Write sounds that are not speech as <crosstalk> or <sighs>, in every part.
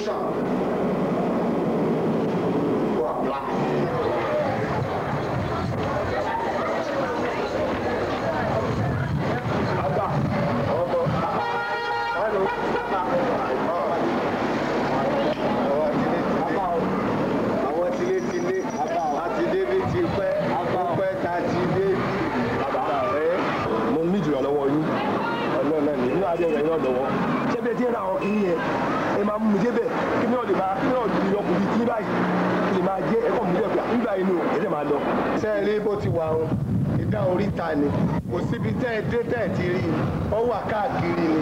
上 oríta ni kò síbi tẹ́ ẹ dé tẹ́ ẹ ti rí i ó wà káàkiri ni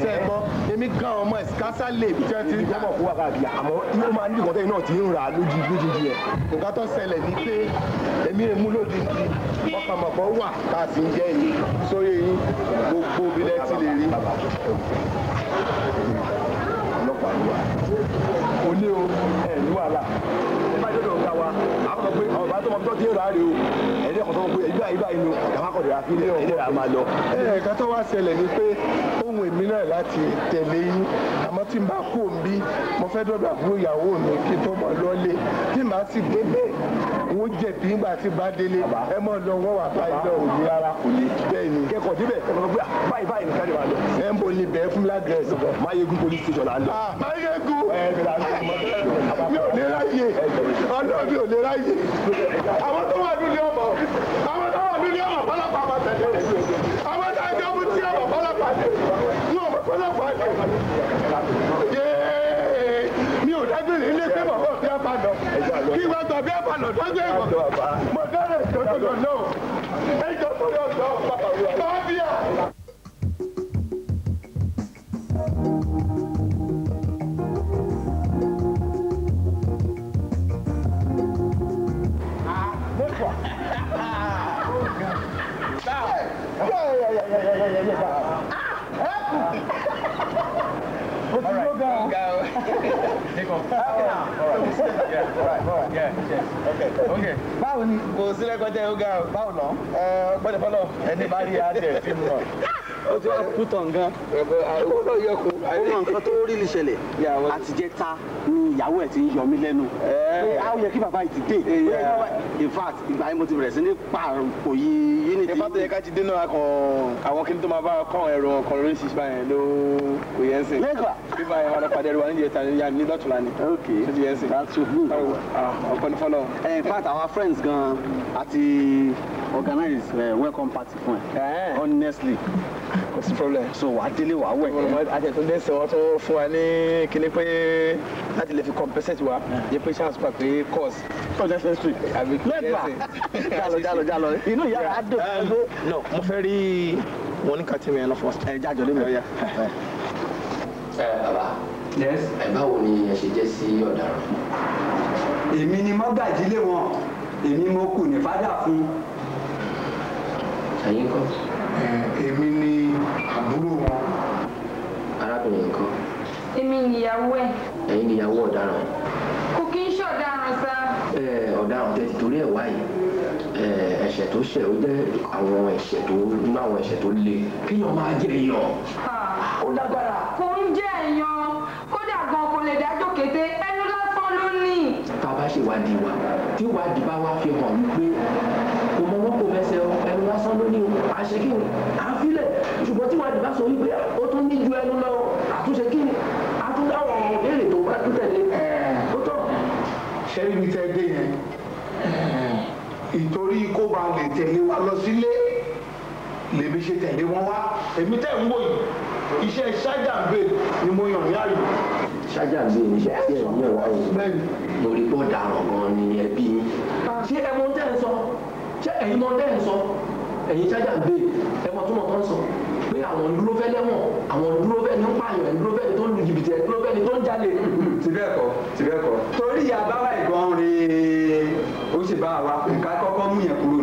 ṣe é gbọ́ èmi gan ọmọ ìsikásá lè bí jẹ́ ti. ìjọba kó wà káàkiri àmọ́ yóò máa ní ìkọ́tẹ́ náà ti ń rà lójú lójijì ẹ̀. nǹkan tó ṣẹlẹ̀ ni pé èmi èmú lójijì ọkàn mọ̀kọ́ wà ká sì ń jẹ́ yìí sórí eyín gbogbo bilẹ̀ ti lè rí. ọlọ́pàá ló wà. olé o ẹ̀ ní wàhálà tó ti ń ra rè o ẹ̀dẹ́ kan tó ń pè ẹ̀ báyìí báyìí nu kàmá kọ̀ dìrà fílẹ̀ ẹ̀dẹ́ rà máa lọ. ẹ̀ẹ̀kan tó wá ṣẹlẹ̀ ni pé ohun èmi náà láti tẹ̀lé yín àmọ́ tí n bá kú òǹbí mo fẹ́ dọ́dọ̀ àbúrò ìyàwó mi kí n tó mọ̀ lọ́lé tí màá sì débẹ̀ n jẹ̀bi nígbà tí bá délé ẹ mọ̀ lọ wọ́n wà báyìí lọ náà mi ò lè ráyè àwọn tó wà nílé ọmọ àwọn tó wà nílé ọmọ pálapà máa tẹ̀lé àwọn tó àjọ mú tí ọmọ pálapà tẹ̀ ní ọmọ pálapà tẹ̀ yéé mi ò dágbére ilé pé bàbá òbí àbànà kí wọ́n gbà bí àbànà dágbé ìwọ̀ mọ̀ dára ìjọ́sọ̀rọ̀ náà ìjọ́sọ̀rọ̀ náà bàbá wíwá. What's all right, go? go. Take off. All right, all right. Yeah, all right, all right. Yeah, yes. Okay. Okay. Báwo ni? Kò sílẹ̀ kọjá ìhóga o. Báwo lọ? Ẹ gbọ́dọ̀ fọlọ́. Ẹni bá rí adìẹ fíìmù náà. ó ti wá pútàn gan. ó lọ yẹ kó. ó mọ nǹkan tó rí lè ṣẹlẹ̀ àtijẹ́ ta ni ìyàwó ẹ̀ ti ń yọ mí lẹ́nu. a ó yẹ kí bàbá yìí ti dé. in fact ìgbà yẹn mo ti bẹ̀rẹ̀ sí ní pààrọ̀ yí unity. ìfá tó yẹ ká ti dé náà kan àwọn kí n tó máa bá kọ́ àwọn ẹ̀rọ ọkàn lórí ṣíṣe báyẹn ló kò yẹn sìn. lẹ́gbà. bíbá yẹn wọn padà ẹrù wa níjẹta ya ní dọ́tùlá ni. ok that's true. ọ̀pọ̀ ní fọlọ́. in fact our friends gan àti welcome party fún ẹ kò sí problem so wàá délé wàá wẹ̀. àtẹ̀tún dé sọ tó fún wa ní kíní pé láti lè fi compensate wa yẹ pé ṣáà sùpà pé course. course necessary àbí lẹ́gbà jalo jalo jalo inú ìyá rẹ̀ á dùn. no mo fẹ́ rí wọn ní kàtí mi ẹ̀ lọ first. ẹ jájọ lé mi. ẹ oh, eh, bàbá ẹ eh, báwo ni ẹ ṣe jẹ́ sí ọ̀daràn. èmi ni mo gbàjí lé wọn èmi mo kù ní fádà fún. ṣàyínkọ. Eh, èmi ni àbúrò wọn. arábìnrin nǹkan. èmi nìyàwó ẹ. ẹ̀yin nìyàwó ọ̀daràn. kò kí n ṣe ọ̀daràn sá. ọ̀daràn tẹ ti torí ẹ̀ wáyé ẹ̀ṣẹ̀ tó ṣẹ̀ ó jẹ́ àwọn ẹ̀ṣẹ̀ tó nínú àwọn ẹ̀ṣẹ̀ tó le kéèyàn máa jẹ èèyàn. ó lágbára. kò ń jẹ èèyàn kódà gan kò lè dájọ́ kété ẹnu lásán ló ní. tá a bá ṣèwádìí wa tí ìwádìí bá wá fi hàn wípé kò mọ wọn kò mẹsẹ̀ ẹnu lásán ló ní àṣekí àá àwọn tí wọ́n ti bá sọ wípé ó tún ní ju ẹnu lọ àtúnṣe kí ni àtúnṣe àwọn ọmọ ìbéèrè tó bá tún tẹ̀lé. ó tọ́. ṣẹ́rí mi tẹ́ dé yẹn ìtorí kó ba lè tẹ̀lé wa lọ sílé lèmi ṣe tẹ̀lé wọn wá èmi tẹ̀ ń wò yìí iṣẹ́ ṣájà ń bè ni mo yàn yá yìí. ṣájà ń bè ní ń yàn wá yìí. mo rí bọ́ dàrọ̀ ni ẹbí mi. ṣé ẹ mọ̀ tẹ́ ń sọ ṣé ẹ̀yin mọ̀ tẹ́ ń sọ ẹ̀yin ṣájà ẹ mọ̀ tó mọ̀ sọ pé àwọn dúró fẹ́ lẹ́wọ̀n àwọn dúró fẹ́ ní pààyàn dúró fẹ́ ní tó ń lu jìbìtì ẹ̀ dúró fẹ́ ní tó ń jalè. ti bẹ́ẹ̀ kọ́ ti bẹ́ẹ̀ kọ́. torí àbáwá ìgbọ̀n rèé ó sì bá wa nǹkan kọ́kọ́ mú yẹn kúrò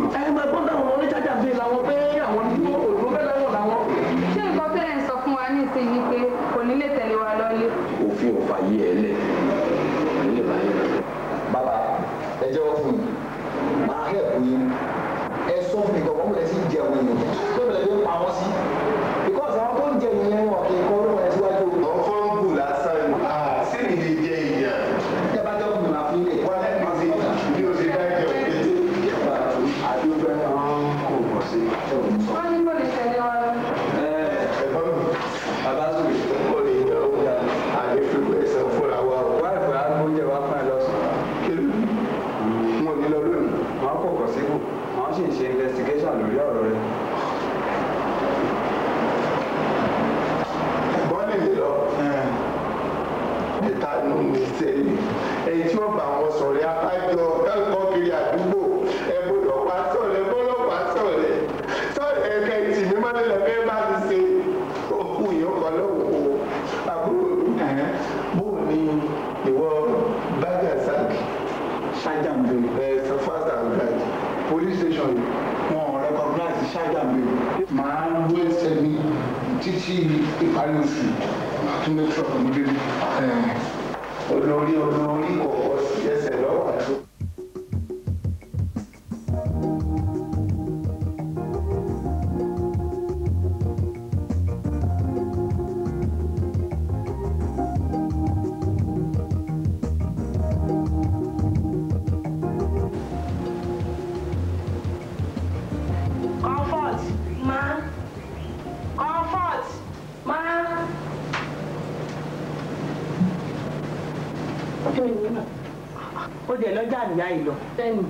ó dẹ̀ lọ́jà àníyá yìí lọ. bẹ́ẹ̀ni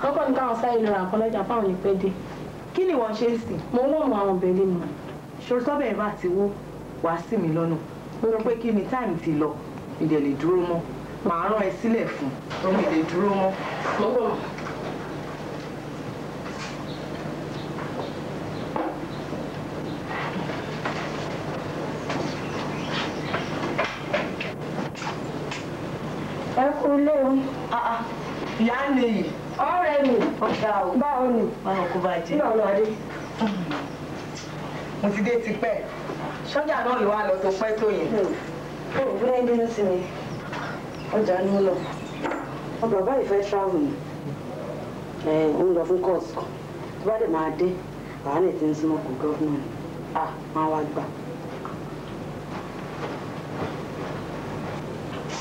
kọ́kọ́ ní káwọn sáyé lọ́ra nǹkan lọ́jà fáwọn yìí pẹ́ dé. kí ni wọ́n ṣe é sìn. mo ń wọ̀ mọ́ àwọn bẹ̀rẹ̀ mi. ṣòro tọ́bẹ̀ bá ti wó wàá sí mi lọ́nà mo rò pé kí ni táìmù ti lọ ìdẹ̀ lè dúró mọ́ màá rán ẹ sílẹ̀ fún mi lè dúró mọ́. mo gbọ́ mọ́. báwo ni. báwo kó bá jẹ. nígbà wo adé. mo ti dé tipẹ́ sọ́jà náà ló wà lọ tó pẹ́ tó yẹn. ó hmm. oh, búrẹ́ ń bínú sí mi ọjà ni ó lọ ọ bàbá ìfẹ́ travel ni ẹ ń lọ fún court kan tó bá dẹ̀ máa dé àánì tí ń súnmọ́ kù gọ́fúnà ni à ah, máa wá gbà.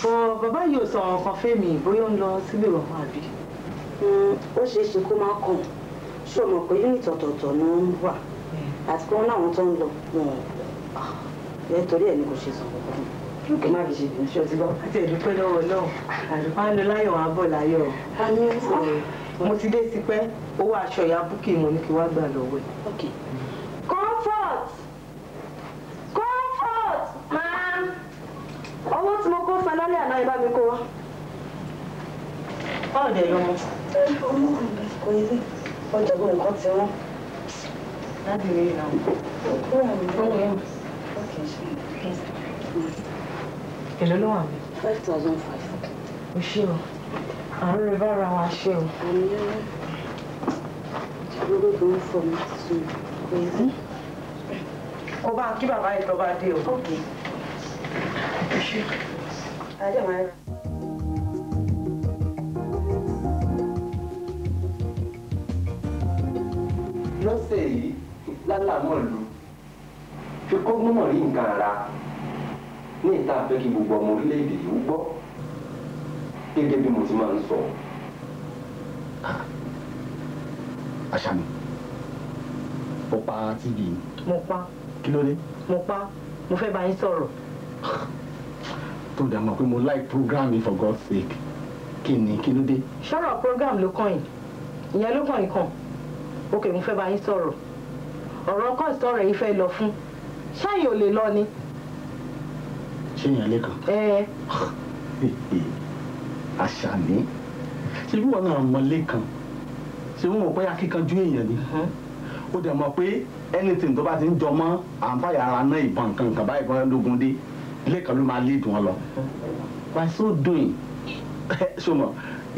bọ̀ bàbá yìí ò sọ ọ̀kan fẹ́mi bóyá ó ń lọ sílé ìwọ̀n àbí ó é ṣe kó má kàn ṣó mọ̀ pé unit ọ̀tọ̀ọ̀tọ̀ ló ń wà àti pé wọ́n láwọn tó ń lọ wọn ah, ẹ torí ẹ̀ ni kò ṣe sọ kankan kí má fi ṣe ìdùnnú ṣe ọtí bá wà. àti ẹ̀dúpẹ́ lọ́wọ́ náà àdúpá ń lọ láyọ̀ wá bọ̀ láyọ̀ mo ti dé tipẹ́ owó aṣọ ìyá búkì mo ní kí wá gbà lọ́wọ́ ẹ̀. comfort comfort máa owó tí mo kó sanálẹ̀ àná ìbá kó wá. ọ̀dẹ̀ lọ́mọ kò yẹ sí ọ̀jọ̀gbọ́n nǹkan tí wọ́n. láti rí ìlànà. èlò ló wà mí. five thousand five. o ṣe o àrùn rẹ bára wa ṣe o. àmì yẹn ìjọba gbogbo ń fọ kò bá kí bàbá ìjọba dé o. ó ṣe. ajá máa ń lọ́sẹ̀ yìí lálàmọ́lù fi kọ́gbọ́n rí nǹkan ara ní ìta fẹ́ kí gbogbo ọmọ orílẹ̀-èdè yìí gbọ́ gẹ́gẹ́ bí mo ti máa ń sọ. Ah, àṣàmì mo pa tv. mo pa. kí ló dé. mo pa mo fẹ́ bá yín sọ̀rọ̀. tó dà mọ̀ pé mo like program for God's sake kí ni kí ló dé. sọ̀rọ̀ program ló kàn yín ìyẹn ló kàn yín kàn ok mo fẹ́ bá yín sọ̀rọ̀ ọ̀rọ̀ ọkọ ìsọ̀rọ̀ yìí fẹ́ lọ fún ṣáàyè ò lè lọ ni. ṣéyàn lẹ́kàn. ẹ ẹ <laughs> àṣà ni ṣé bí wọn náà mọ lẹ́kàn ṣé wọn ò pẹ́ akíkanjú èèyàn ni ó dẹ̀ mọ̀ pé anything tó bá ti ń jọ mọ́ àǹfààní ara náà ìbọn nǹkan nǹkan báyìí kan lógun dé lẹ́kàn ló máa lead wọn lọ why so doing <laughs> ṣọmọ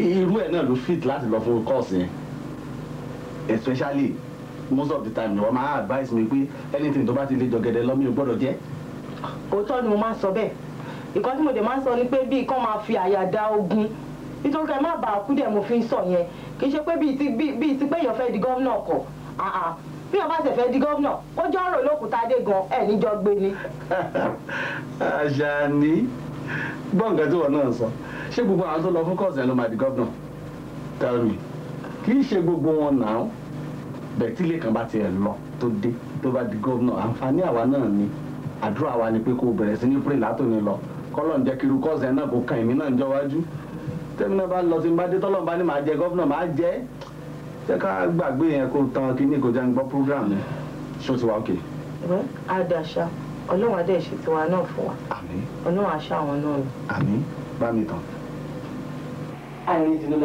irú ẹ̀ náà ló fit láti lọ fún kọ́ọ̀sì yẹn especially most of the time ni wọ́n máa advice mi pé anything tó bá ti lè jọ gẹ̀dẹ̀ lọ mi ò gbọ́dọ̀ jẹ́. òótọ́ ni mo máa ń sọ bẹ́ẹ̀ nǹkan tí mo dẹ̀ máa ń sọ ni pé bíi kán máa fi àyà da ogun nítorí ká má bàa kú dẹ̀ mo fi ń sọ yẹn kì í ṣe pé bíi ti bíi ti pé èèyàn fẹ́ di gómìnà kọ̀ bí wọn bá ṣe fẹ́ di gómìnà ó jọ ọ̀rọ̀ olókùúta dé gan ẹ̀ níjọ gbé ni. <laughs> Àṣàní gbọ̀ngàn tí wọn náà sọ ṣé gbogbo àwọn tó lọ fún kọ́ọ̀sì ẹ̀ ló máa di gómìnà tell me kì í ṣe gbogbo wọn náà bẹ̀tílé kan bá tiẹ̀ lọ tó dé tó bá di gómìnà àǹfààní àwa náà ni àdúrà wa ni pé kó bẹ̀rẹ̀ sí ní pray látòní lọ kọ́lọ̀ ń jẹ́ kiri kọ́ọ̀sẹ̀ náà kó kan èmi náà ń jọwájú tẹ́mi náà bá lọ sí bá dé tọ́lọ́run bá ní màá jẹ gómìnà màá jẹ jẹ́ ká gbàgbé yẹn kó tán kí ní ìkọjá ń gbọ́ program yẹn ṣó ti wá òkè. àdàṣà ọlọ́run adé ìṣe tiwa náà fún wa ọlọ́run àṣà àwọn náà ni. àmín bá mi tán. àìrìn ìdìnnà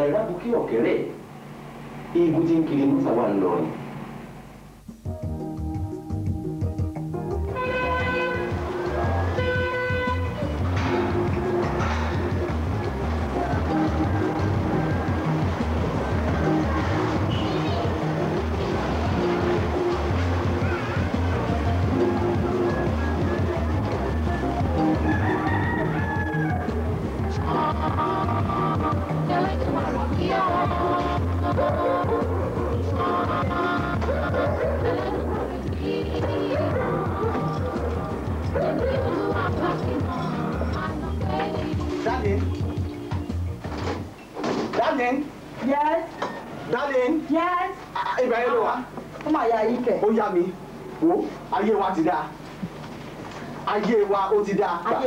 eégún tí ń kiri ń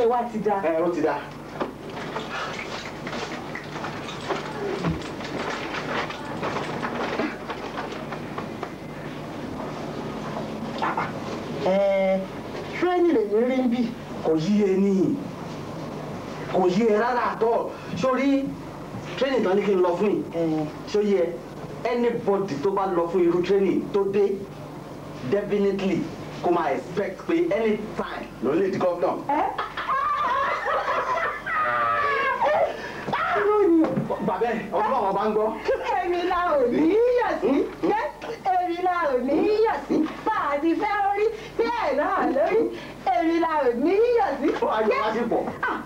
ẹ̀ wá ti da. ẹ ó ti da. tírẹ́nì lèyìn rí ń bì kò yí e ní kò yí e rárá àtọ̀ sórí tírẹ́nì tán ní kí n lọ fún yìí ṣó yẹ anybody tó bá lọ fún irú tírẹ́nì tó dé definitely kò máa expect pé anytime ló lè di governor. bẹ́ẹ̀ ọlọ́run ọba ń gbọ́. èmi la ò ní yíyọ̀ sí hmm? Hmm? èmi la ò ní yíyọ̀ sí bá a ti fẹ́ orí bẹ́ẹ̀ náà lórí èmi la ò ní yíyọ̀ sí. ayọ̀ wá sí pọ̀ ah,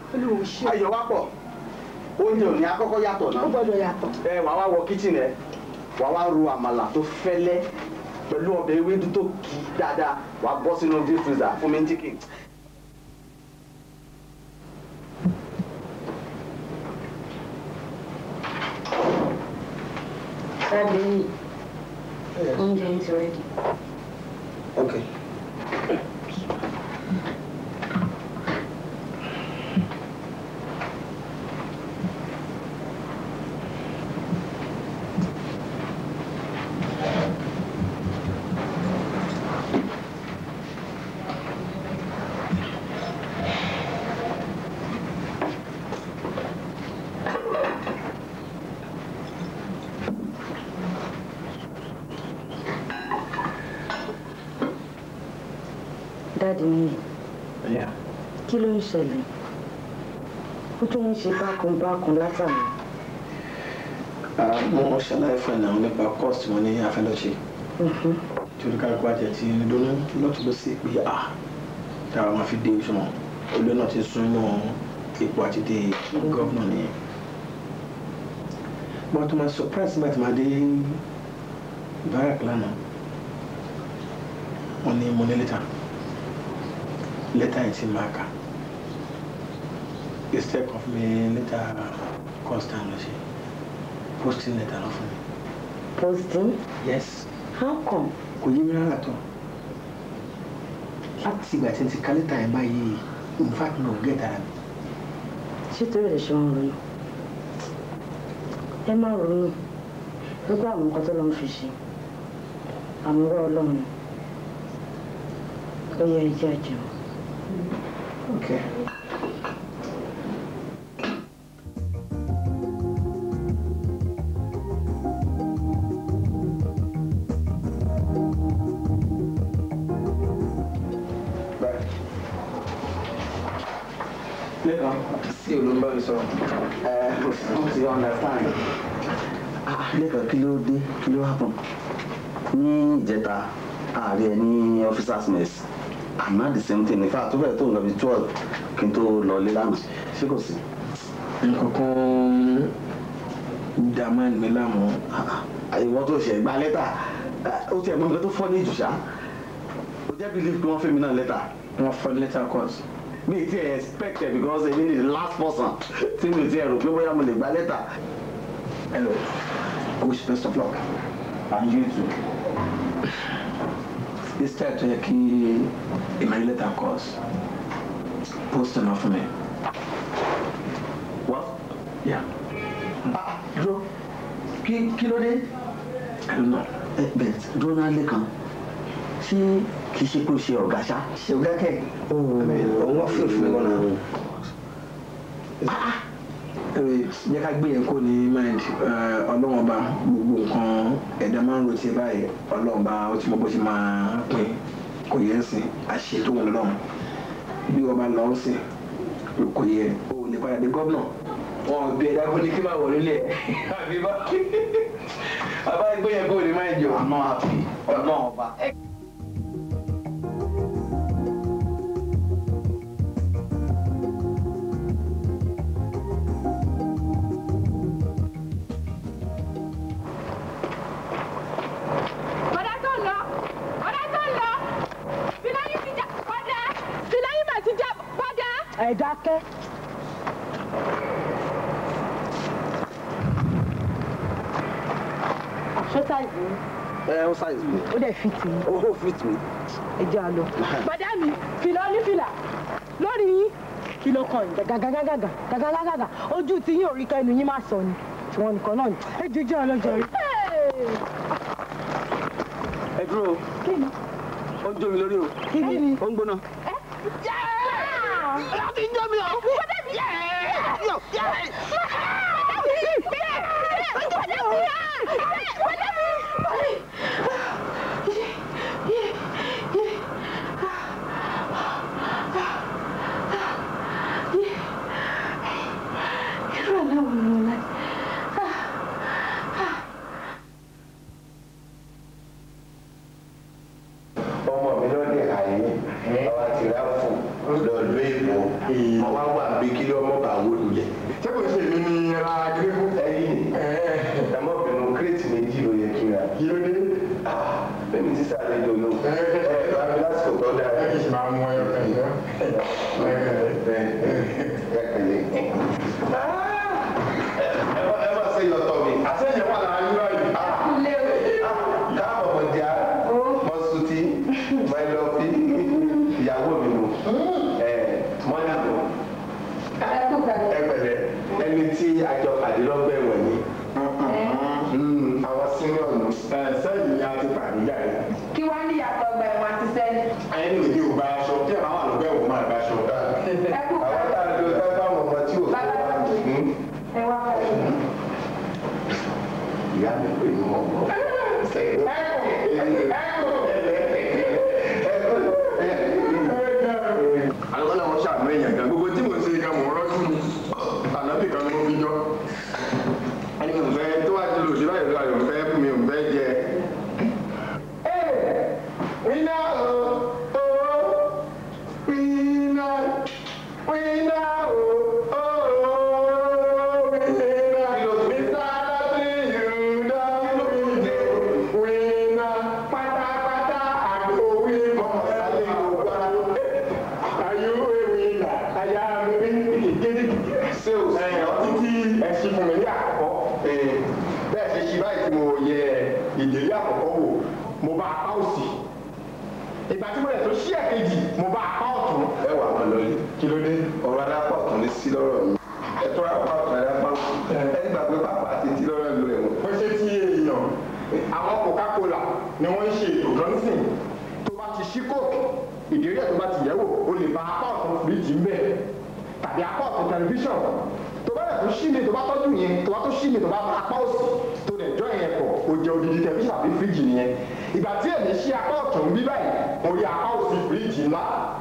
ayọ̀ wá pọ̀ oúnjẹ ò ní akọ́kọ́ yàtọ̀ náà. ó gbọ́dọ̀ yàtọ̀. ẹ wàá wá wọ kíchìn ẹ wàá wá ro àmàlà tó fẹ́lẹ́ pẹ̀lú ọbẹ̀ ewédú tó kì dáadáa wàá bọ́ sínú deep fún mi ní chicken Start doing yeah. engines already. Okay. dáàdì mi kí ló ń ṣẹlẹ̀ ó tún ń ṣe bákanbákan látàmú. Ah, mo ṣàlàyé fún ẹ̀nà nípa cost wọn ní afẹ́lọ́ṣe mm-hmm. tí oníkàlùkù àjẹ ti ń dúró lọ́tún ló sì pé a ah, tára máa fi dé ìṣúná olóyún náà ti sún inú ipò àti dé gómìnà nìyẹn but to my surprise my tí màá dé barak lánàá wọ́n ní later ní in lẹ́tà yìí ti máa instead of me later constantly lọ posting later off me. posting. yes. how come. kò yé mi rárá tó láti ìgbà tí n ti ka lẹ́tà yẹn báyìí in fact mi ò gé ìtara mi. ṣé torí ẹ̀ ṣe ń ronú ẹ má ronú nípa àwọn nǹkan tó lọ́n fi ṣe àmúrò ọlọ́run ó yẹ ẹjẹ́ àjẹmọ́. Okay. Lẹ́kàn, sí olùbámi sọ̀rọ̀, ẹ̀ ọ́ ti understand lẹ́kọ̀ọ́ kí ló dé kí ló hàpọ̀n ní ìjẹta ààrẹ ní officers mess àmọ́ the same thing nífà tó bẹ̀rẹ̀ tó ń lọ bí twelve kí n tó lọ lé lánàá ṣé kò sí. nǹkankan dá máa ń gbé láàmú. Ah, ah. ìwọ tó ṣe gba lẹ́tà ah, ó ti ẹ̀ mọ nǹkan tó fọ́ ní ìjùṣà ó jẹ́ bí lift wọ́n fẹ́ mi náà lẹ́tà. wọ́n fọ́ lẹ́tà course mi ti expect because èmi ni the last person tí mi ti ẹ rò pé bóyá mo lè gba lẹ́tà. hello wish best of luck and you too instead tó yẹ kí ìmọ̀ ilé ta course post enough for me. what? yeah. ah hmm. dúró kí kilo ló i don't know. Eh, bẹ̀ẹ̀ dúró náà lé kan ṣé kì í ṣe kó ṣe ọ̀gá ṣá. ṣe ọ̀gá kẹ̀ ọ̀hún ọ̀hún ọ̀fíìfù mi kọ́ jẹ́ ká gbé yẹn kó ní mind ọlọ́run ọba gbogbo nǹkan ẹ̀dá máa ń ro tiẹ̀ báyìí ọlọ́run ọba ó ti mọ bó ti máa pín kò yẹ ẹ̀sìn àṣẹ tó wọn lọ́run bí ọba lọ ń sìn kò yẹ o lè padà dé gómìnà wọn ò bí ẹ̀dá kó ní kí máa wọlé lẹ̀ <laughs> àbí bá <laughs> àbá gbé yẹn kó ní mind jọ ọlọ́run ọba. ẹ dákẹ́. ṣé size mi. ẹ ó size mi. ó dẹ̀ fit mi. ó fit mi. ẹ jẹ́ àlọ́. bàdá mi fìlà onífìlà lórí yín kí ló kàn yín gàgàgàgàgà gàgàgàgàgà ojú tí yín ò rí kẹ́nu yín máa sọ ni tiwọn nìkan náà ni ẹ jẹ́ jẹ́ ọlọ́jọ́ rí. ẹ dúró o ó ń jó mi lórí o ó ń gbóná. ẹ jẹ́ 听见没有？我在这！有有，我在别别我在我在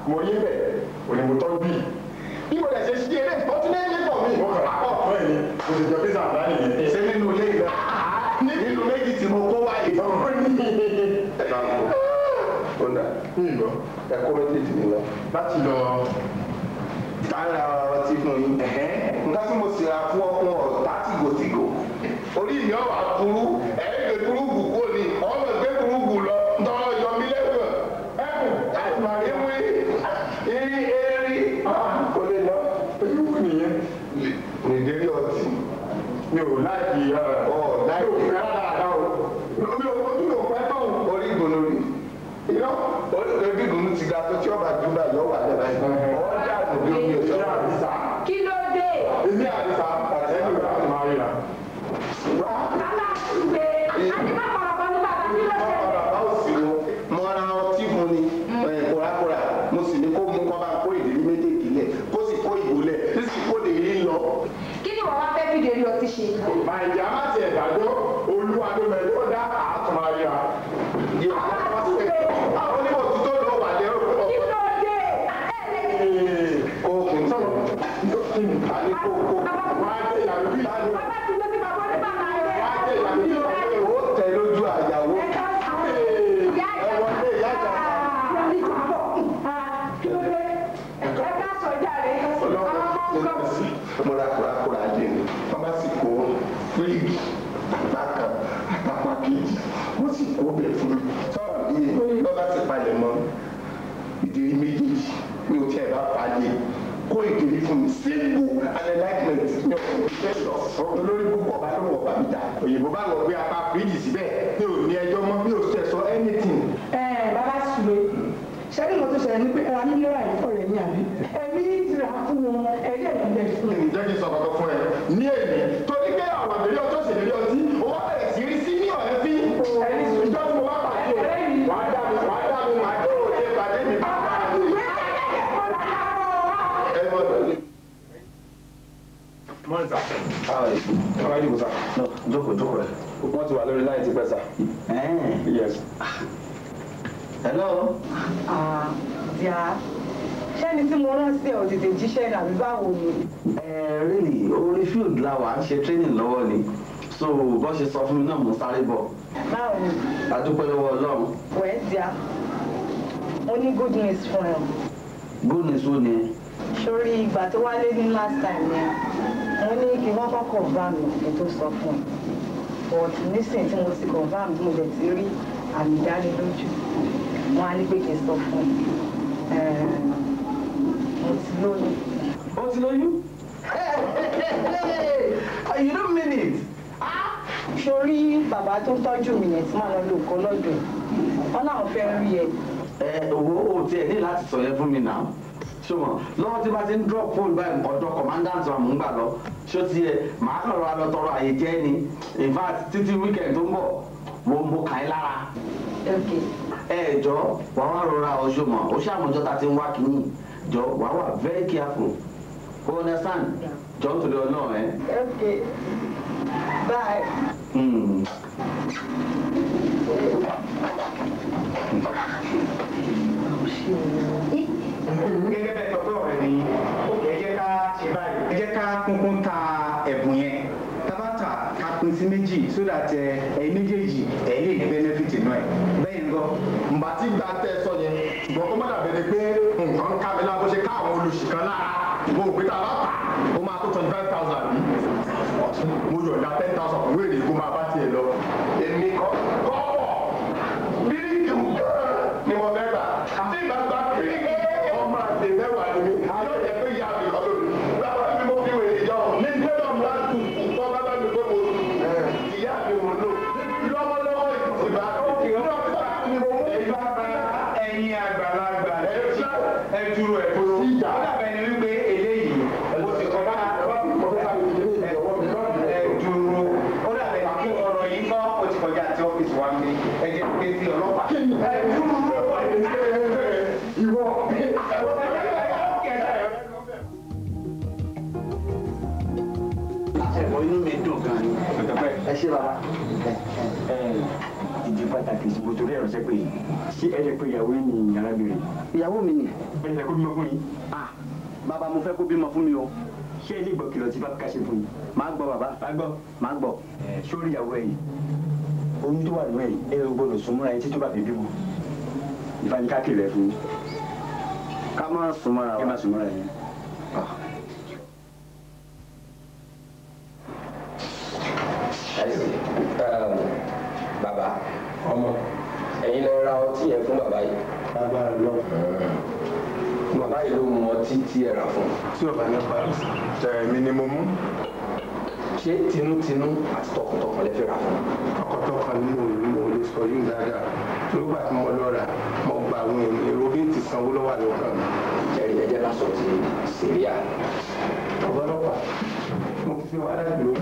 mo yé bẹ̀ òní mo tọ́ bí bí mo lè ṣe ṣí eré ìtọ́jú ní ilé tọ̀ mi. mo kàn á kọ́ ẹ̀ ní mo sì jọ pizza àbá nìyẹn. ṣé nínú ilé ìlọ nínú méjì tí mo kó wáyé. ó dà ní ìlọ ẹ̀kọ́ méjèèjì ni lọ láti lọ tààrà ọtí fún yín. nǹkan tí mo sì ra fún ọkùnrin ọ̀tá tìgòtìgò orí ìyọ́ wa burú ẹ bẹ́ẹ̀ ni báwo ni. ẹ really orí field la wà ṣe training lọ́wọ́ ni so bó ṣe sọ fún mi náà mo sáré bọ̀. báwo ni. adúpẹ́ lọ́wọ́ ọlọ́run. wẹ́ẹ́ díà mo ní good news fún ẹ. good news wo ni. sórí ìgbà tó wálé ní last time ni mo ní kí wọ́n kọ́kọ́ bá mi kí tó sọ fún ẹ but nísìnyí tí mo ti kọ̀ bá mi mo lè ti rí àmì ìdánilójú wọn á ní pé kí n sọ fún ẹ mo ti lóyún ó ti lóyún. you don't mean it. sori bàbá tó ń tọ́jú mi yẹn tí màá lọ lò kọ́ lọ́dún wọn làwọn fẹ́ rí ẹ. ẹ wo o tiẹ̀ ní láti sọ yẹn fún mi náà ṣùgbọ́n lọ́wọ́ tí bá drop phone báyìí ọ̀dọ̀ commandant wa mò ń gbà lọ ṣó ti yẹ màá kàn lọ́ra lọ tọrọ àyè in fact títí weekend tó ń bọ̀ mo mo kàn é lára. ẹ jọ wàá wá rọra ọṣù mọ very careful o oh, understand jọ ń torí ọlọ́run ẹ. ok bye. Hmm. gẹ́gẹ́ bẹ́ẹ̀ sọ pé ọ̀rẹ́ ni ẹ jẹ́ ká ṣe báyìí ẹ jẹ́ ká kúnkún ta ẹ̀bùn yẹn tabata ká pín sí méjì so that ẹ̀yin méjèèjì ẹ̀ lè benefit nù ẹ̀ bẹ́ẹ̀ ń gọ́. ǹbà tí gba tẹ́ sọ yẹn ṣùgbọ́n kó má dàbẹ̀ ni pé nǹkan ká mi lábọ́ ṣe lára mo gbé tá a bá ta ó máa tó twenty five thousand mo yọ̀ǹda ten thousand ìyàwó mi ni. ẹ fẹ́ kó bímọ fún yín. ah bàbá mo fẹ́ kó bímọ fún mi o. ṣé ilé ìgbọ́ kìlọ̀ tí bá ká ṣe fún yín. máa gbọ́ bàbá. máa gbọ́. máa gbọ́. sórí ìyàwó ẹ yìí oyún tó wà nínú ẹ yìí ẹ gbọ́dọ̀ sún mọ́ra yín títí bàbá bímọ. ìfanikà kìlọ̀ ẹ fún yín. ká má sún wa. ẹ má sún mọ́ra lọ. bàbá yìí ló mú ọtí tí ẹ rà fún. tí ò bá ní parí èmi ni mo mú. ṣé tinútinú àti tọkàntọkàn lè fi rà fún. tọkàntọkàn ni mo lè sọ yín dáadáa nígbà tí mo lọ rà mo gba àwọn èrò bí ti sanwó lọ́wọ́ àlọ́kàn mi. ìjẹ́rìí ẹ̀jẹ̀ bá sọ ti síríà. ọ̀gọ́lọ́pàá mo ti fi wàhálà jùlọ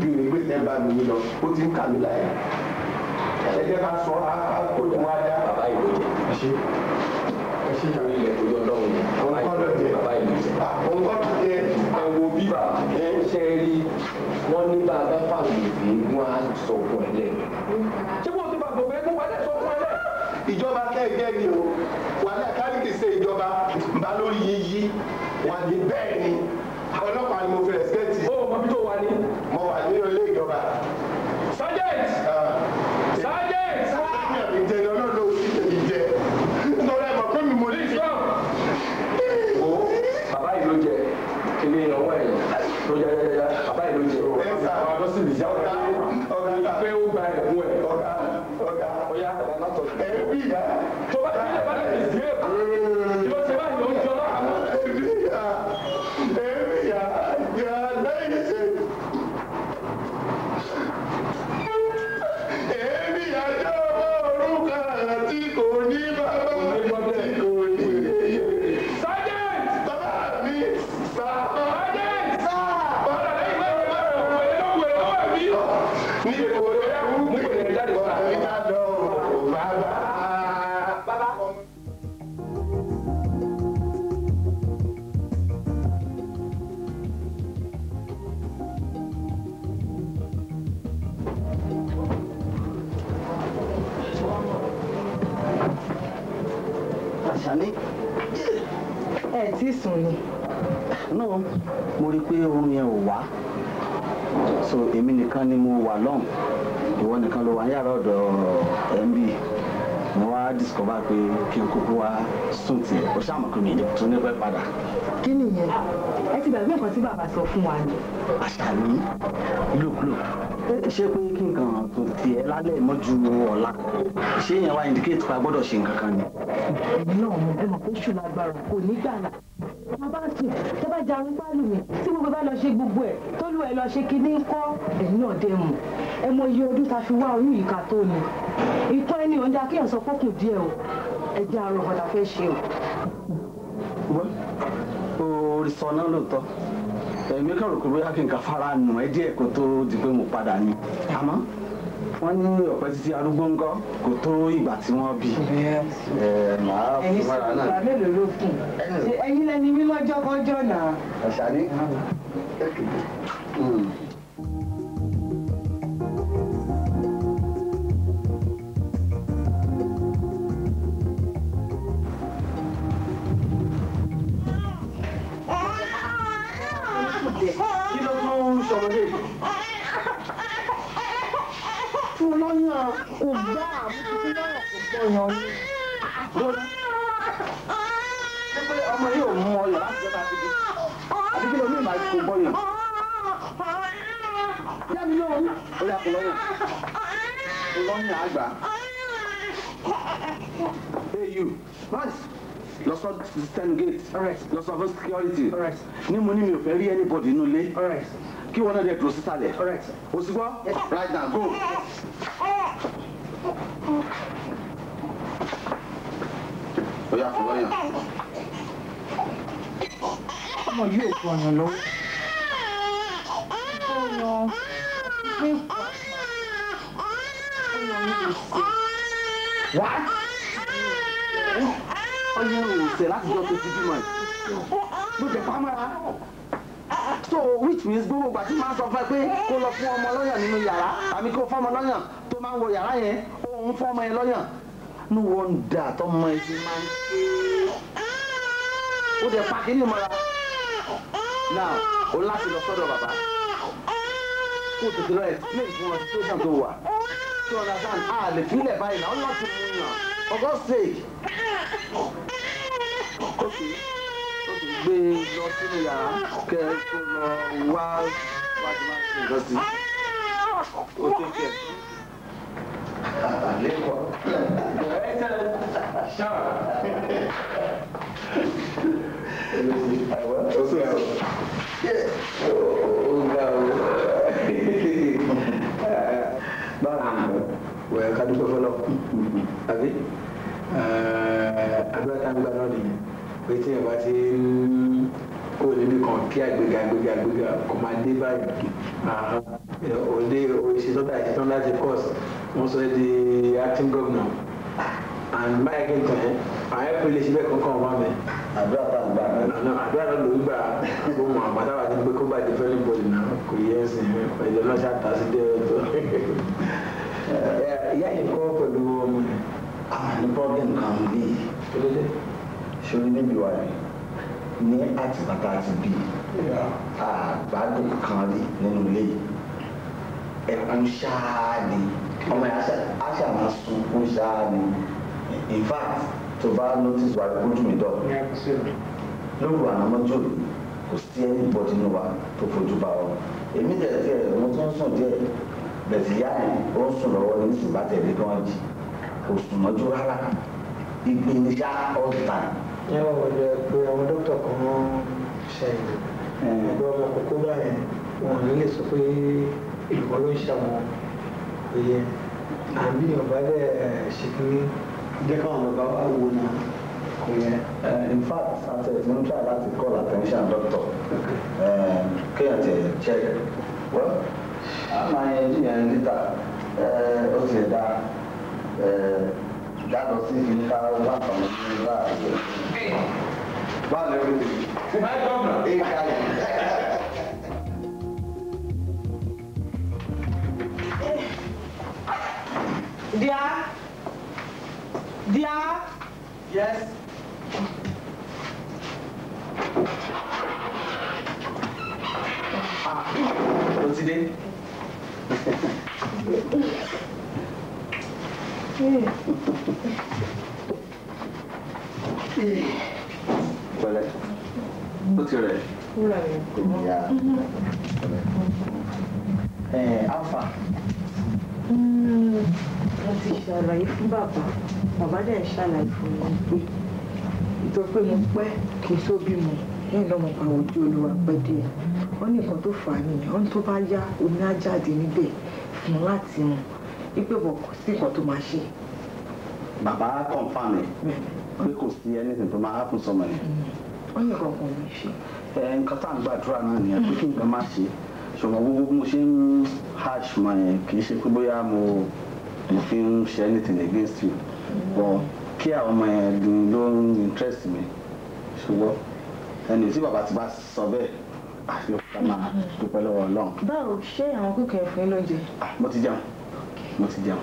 bí ìrègbè tẹ́ bá mi lọ ó ti ń kà mí láyà. ẹ̀jẹ̀ bá sọ á kó tó wá dá bàbá ìlú ọlọ́run àwọn kọ́dọ̀ jẹ àwọn kọ́dọ̀ jẹ ẹ̀wò bíbà ẹ̀ ń ṣe rí wọ́n ní bá a bá fàmì ìgbìmọ̀ á sọ fún ẹ lẹ́nu. ṣé wọ́n ti bá gbogbo ẹgbẹ́ wọlé sọ fún ẹ lẹ́. ìjọba kẹ́ẹ̀gẹ́ ni o wàhálà kárìkì ṣe ìjọba bá lórí yíyí wà ní bẹ́ẹ̀ ni ọlọ́pàá ni mo fi rẹ̀ skẹ́ẹ̀tì. ó mọ bí tó wà ní. ìwọ nìkan ló wà yàrá ọ̀dọ̀ mb mo wá discover pé kí n kúkú wá sùn tí o ṣàmù kí mi ìdè tó nípẹ́ padà. kí nìyẹn ẹ ti gbàgbé nǹkan tí bàbá sọ fún wa ni. àṣà mi look look ṣé pé kí nǹkan tó tiẹ̀ lálẹ́ mọ́jú ọ̀la ṣé yẹn wá indicate pa gbọ́dọ̀ ṣe nǹkan kan ni. èmi náà mo ẹ mọ̀ pé ṣùlágbára kò ní gbàlà yòókù tó bá jarun pálù mi tí gbogbo bá lọ ṣe gbogbo ẹ̀ tó lù ẹ̀ lọ ṣe kinní kọ́ ẹ̀yìn náà dẹ̀ mọ̀ ẹ mọ iye ọdún ta fi wá oyún yìí ká tó ni ìtọ́ ẹni òun dá kéèyàn sọ fókùn díẹ̀ o ẹ jẹ́ àrò ọ̀gá ta fẹ́ ṣe o. orí sọ náà lóòótọ́ ẹ̀mí kọ̀rọ̀ kúrò yá kí n kà fara nù ẹ díẹ̀ kó tó di pé mo padà ni àmọ́ wọ́n ní ọ̀pẹ títí arúgbó ńkọ́ kò tó ìgbà tí wọ́n bí. màá fún mọ́ra náà. ẹ̀yin sọ̀rọ̀ mélòó ló kù ẹ̀yin lẹni mímọ́jọ́kọ́jọ́ náà. àṣà ni. gbọ́yàn kò gbá àmútutù náà ni. ṣé ọmọ yóò mú ọyàn láti jọba ti di àti kí ló ìmọ̀ kò gbọ́yàn. yá mi lóhùn ó yà kó lọ́yàn kó lọ́yàn àgbà. Hey Mas lọ sọ ten gate lọ sọ fún security ní mo ní mi ò fẹ́ rí anybody nínú ilé kí wọn náà dẹ̀ dúró sísàlẹ̀ o sì gbọ́ right now go. ó yà fún lọ́yàn. ọmọ yóò fún ọyàn lọ́wọ́. ọyàn pé ọyàn yóò sè. wá ọyẹ òsè láti jọ tó ti bímọ yìí ló tẹ pamọ́ra so which means gbogbo ìgbà tí màá sọ fún ẹ pé kó lọ fún ọmọ lọ́yàn nínú yàrá àmì kó fún ọmọ lọ́yàn tó máa ń wọ yàrá yẹn òun fún ọmọ yẹn lọ́yàn no wonder tọmọ ẹ ti máa ń ké ó dẹ pa kínní mọ́ra now o láti lọ sọ́dọ̀ bàbá kó tètè lọ explain fún ọ situation tó wà tó understand a lè fílẹ̀ báyìí náà ó láti mú yàn for God's sake ṣe tó ti gbé lọ sínú yàrá kẹ tó lọ wá wá ti máa ṣe nǹkan sí o tó kẹ. lẹ́kọ̀ọ́ ẹ̀ tẹ́ ṣáà. Báwo ni ká dúpẹ́ pé tí yẹn bá ti ń kó níbi kan kí àgbéga àgbéga àgbéga kò máa dé báyìí òde òṣìṣọ́tà ìṣẹ́tàn láti course wọ́n sọ di acting governor and báyìí kí n tàn yẹn àwọn ẹ̀kọ́ ilé ṣíbẹ̀ kankan wà mẹ́. àdúrà tá a gbà náà. àdúrà náà ló ń gbà ohun àgbàdo àti pé kó bá di fẹ́ẹ́ bọ̀dì náà kò yẹ ẹ́ sìn ẹ̀jẹ̀ náà ṣàtà sí dé ọjọ́. ìyá yìí kọ́ pẹ̀lú ọmọ rẹ̀ àwọn ní problem kan bíi ṣorí níbi wa ní àtìmọ́tà ti bí àgbàdùn kan rí nínú ilé yìí ẹ̀kún ṣáá ni ọmọ yẹn aṣa máa sun kó ṣáá ni in fact tó bá notice wa kó dùn mí dọ̀ lóru àná mọ́jú kò sí anybody nínú wa tó fojú bá wọn èmi dẹ̀ tiẹ̀ mo tún sùn díẹ̀ bẹ̀sì yá ni ó ń sùn lọ́wọ́ ní sùn bá tẹ̀lé kí wọ́n jì kò sùn mọ́jú rárá ìpèníjà all time ní àwọn ọ̀dọ̀ pé àwọn dókítà kan wọ́n ṣàyẹ̀wò ẹgbẹ́ ọmọ kókó báyẹn wọn ní lè sọ pé ìgbọ́ ló ń ṣàwọn òye attention doctor kéèyàn ti check well a máa yẹ ẹjú yẹn níta ó sì dá Vale lui. Ma E Dia? Dia? Yes. Ah, considè? Mm. pẹ̀lẹ́ ó ti rẹ̀ ìyá pẹ̀lẹ́ alfa. mo ti ṣàlàyé fún bàbá bàbá dẹ̀ ṣàlàyé fún mi pé ìtọ́ pé mo pẹ́ kí n tó bímọ lẹ́yìn mo pa ojú olúwa pẹ́ díẹ̀ wọ́n ní nǹkan tó fà á nìyẹn wọ́n tó bá yá omi á jáde níbẹ̀ fún láti mu wípé bọ̀ kò sí nǹkan tó máa ṣe. bàbá confam pé kò sí anything tó máa happen sọmọ yẹn. ó yẹ kó kò ní ṣe. ẹ nǹkan tá à ń gbàdúrà náà nìyẹn pé kí nǹkan má ṣe ṣùgbọ́n gbogbo mo ṣe ń hash mọ yẹn kì í ṣe pé bóyá mo mo fi ń ṣe anything against you but kí àwọn ọmọ yẹn ló ń interest mi ṣùgbọ́n ẹni tí bàbá ti bá sọ bẹ́ẹ̀ àfi ọ̀pá máa dúpẹ́ lọ́wọ́ ọlọ́run. báwo ṣé àwọn kúkẹ́ ẹ̀fín ló jẹ. Ah, mo ti jẹun mo ti jẹun.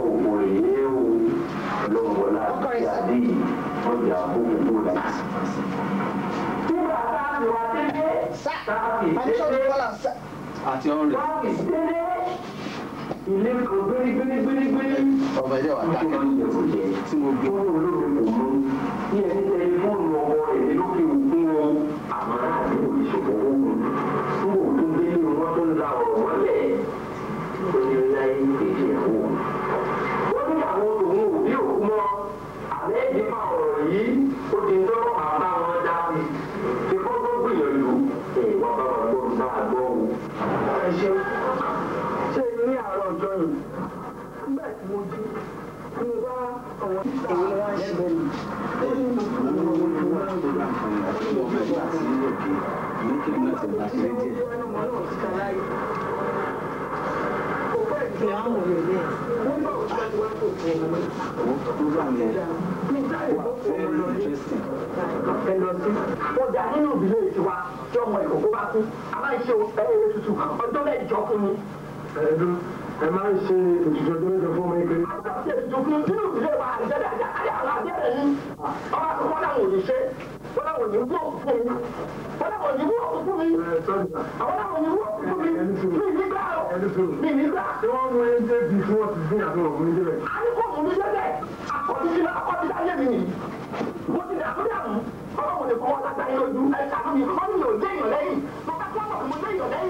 Tíra táàkì wa délé. Táàkì délé. Àti ọ̀rẹ́. Táàkì délé. Ilé kan gbérígbérígbérígbérí. Ọmọ ẹ̀jẹ̀ wà dákẹ́ tí mo gbé. Fóònù olóògbé kò mú. Bí ẹni tẹ fóònù ọwọ́ rẹ̀ ní lókè òkun o. Àmọ́ láti ní ìṣòro owó mi. Fún òkun délé wọn tó ń la ọ̀rọ̀ mọ́lẹ̀. Ó ní láyé ìdíje ìyàwó. èyí wọ́n ṣe ọjà nínú ìdílé ìtiwa tí ọmọ ìkókó bá kú aláìṣe ẹ̀rọ tuntun ọjọ́ mẹ́jọ fún mi ẹ máa ń ṣe òṣìṣẹ́ tó ń sọ fún ọmọ ẹgbẹ́. ìjọkùn tí òṣìṣẹ́ wa àjẹrẹ àjẹrẹ àwọn àjẹrẹ ni ọba tó wọ́n làwọn òṣìṣẹ́ wọ́n làwọn òní wú òkú mi wọ́n làwọn òní wú òkú mi àwọn làwọn òní wú òkú mi mi ní gbà ọ́ mi ní gbà. ṣé wọ́n mú ẹni tẹ́ bí tí wọ́n ti dín àbí òkú mi débẹ̀. a ní kó òkú mi débẹ̀ àkọ́bíyí àkọ́bíyí ayé mi nìyí mo ti dàgbé dàgbé ọlọ́run lè fọwọ́ lágbàáyé lójú ẹ̀ka mi kọ́ mi ò léèyàn lẹ́yìn mo bá tọ́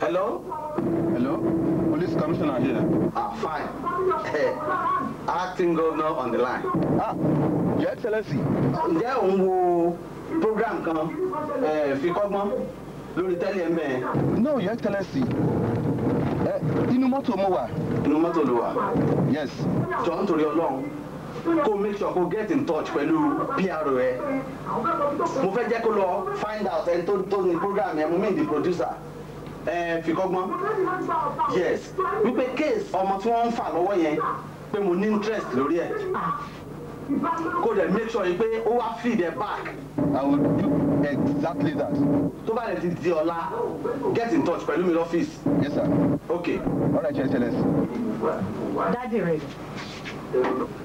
Hello? Hello? Police commissioner here. Ah, fine. Hey, eh, acting governor on the line. Ah, Your Excellency. Ǹjẹ́ òun wo program kan eh, fi kọ́gbọ́n lórí tẹ́lẹ̀ ẹ̀ mẹ́ẹ̀? No, Your Excellency. Eh, inú mọ́tò mo wà. Inú mọ́tò ló wà. Yes. Jọ̀ọ́ nítorí Ọlọ́run kó make sure kó get in touch pẹ̀lú PRO ẹ mo fẹ́ jẹ́ kó lọ find out ẹni tó tó ní program yẹn mo mean the producer ẹ fi kọ́gbọ́n yes wípé case ọmọ tí wọ́n ń fà lọ́wọ́ yẹn pé mo ní interest lórí ẹ̀ kó dẹ̀ make sure pé ó wá feed ẹ back. I will do exactly that. tó bá lè ti di ọ̀la get in touch pẹ̀lú mi lọ́fíìsì. yes sir. okay. all right your excellence. dájú rẹ̀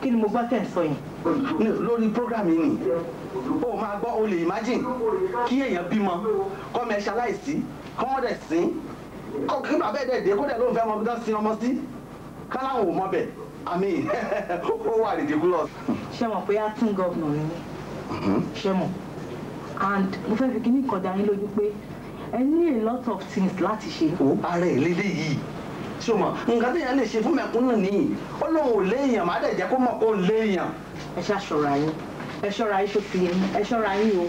kí ni mo gbọ́ tẹ̀ ń sọ yìí. lórí program yìí ni o máa gbọ́ o lè imagine kí èèyàn bímọ commercialize kọ́ wọ́n dẹ̀ sín kí bàbá ẹ̀ dẹ̀ dé kó dẹ̀ ló ń fẹ́ ọmọ bí wọ́n sin ọmọ sí káláwọn ò mọ bẹ̀ àmì <laughs> ó wà ridiculous. ṣé mo pé acting governor ni mm-hmm. ṣé mo and mo fẹ́ fi kíní kan dá yín lójú pé ẹ ní a lot of things láti ṣe. ó ara ẹ̀ lélẹ́yìí ṣùgbọ́n nǹkan tó yẹn lè ṣe fún mẹ̀kúnnù nìyí ó lóun ò léèyàn má dẹ̀ jẹ́ kó mọ̀ kó léèyàn. ẹ ṣàṣọra yín ẹ ṣọ́ra yín ṣòfin yẹn ẹ ṣọ́ra yín o.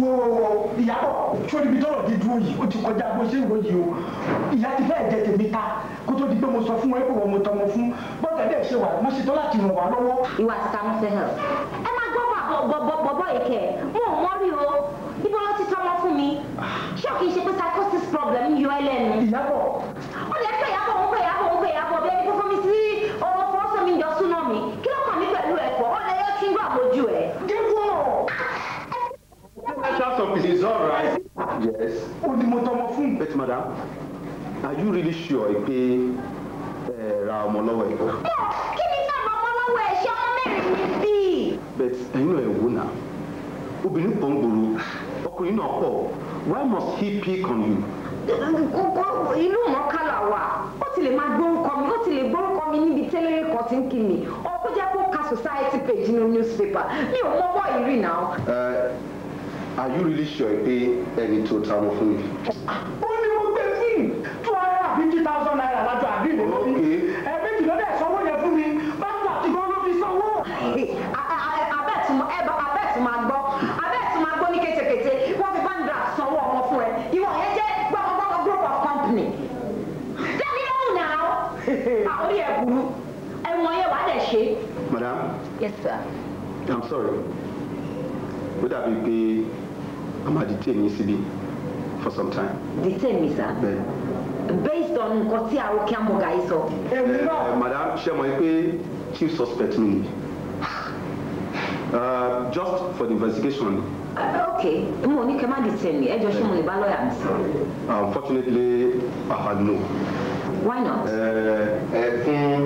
wọ́wọ́wọ́ ìyàbọ̀ sórí ibi tọ́rọ̀ ti dúró yìí ó ti kọjá bó ṣe ń wò yìí o ìyá ti fẹ́ẹ̀ jẹ tèmi ta kó tó di pé mo sọ fún ẹ pé wọ́n mo tọmọ fún bọ́tà bẹ́ẹ̀ ṣe wà mo ṣetán láti ràn wá lọ́wọ́. ìwà títa ń fẹ́ hàn. ẹ máa gbọ́ bọ̀ bọ̀ bọ̀ bọ̀ ṣé kì ṣe pé psychosis problem ń yọ ẹlẹ́nu. ìyàbọ̀. ó lè pè yàbọ̀ ń pè yàbọ̀ ń pè yàbọ̀ bí ẹni fúnfún mi sí ọmọ fọwọ́sọmi yọ súná mi kí ló kàn mí pẹ̀lú ẹ̀pọ̀ ó lè yọ kí n gbà bójú ẹ̀. dípò. Mental Yes. are you really sure pé ẹ ra ọmọ lọ́wọ́ ẹ̀? Kí ni ká ọmọ lọ́wọ́ ẹ̀ ṣe ọmọ mẹ́rin mi bí? Bet ẹ̀yin náà ẹ̀ wò náà, obìnrin kan gbòòrò ọkùnrin náà kọ̀ why must he pick on you. gbogbo inú mọ́kànlá wa ó ti lè máa gbórúkọ mi ó ti lè gbórúkọ mi níbi tẹ́lẹ̀rẹ́ kan tí ń kí mi ọkọ jẹ́ kó ka society page nínú newspaper mi ò mọ́wọ́ ìrì náà. Uh, are you really sure pé ẹni tó ta mọ fún mi. ó ní mo gbé fíìmù two hundred and fifty thousand naira lájọ àbí ìbò lórí. Yes, sir. I'm sorry. Would dàbí pé be máa detain yín síbí for some time. Detain mi, sir? Bẹ́ẹ̀. Based on nǹkan tí Aroke Amoga yìí Madam ṣe mọ̀ pé chief suspect mi Uh, just for the investigation. Uh, okay, mo ní kẹ́ má detain mi, ẹ jọ ṣé mo lè bá Unfortunately, I had no. Why not? Ẹ eh, ẹ eh,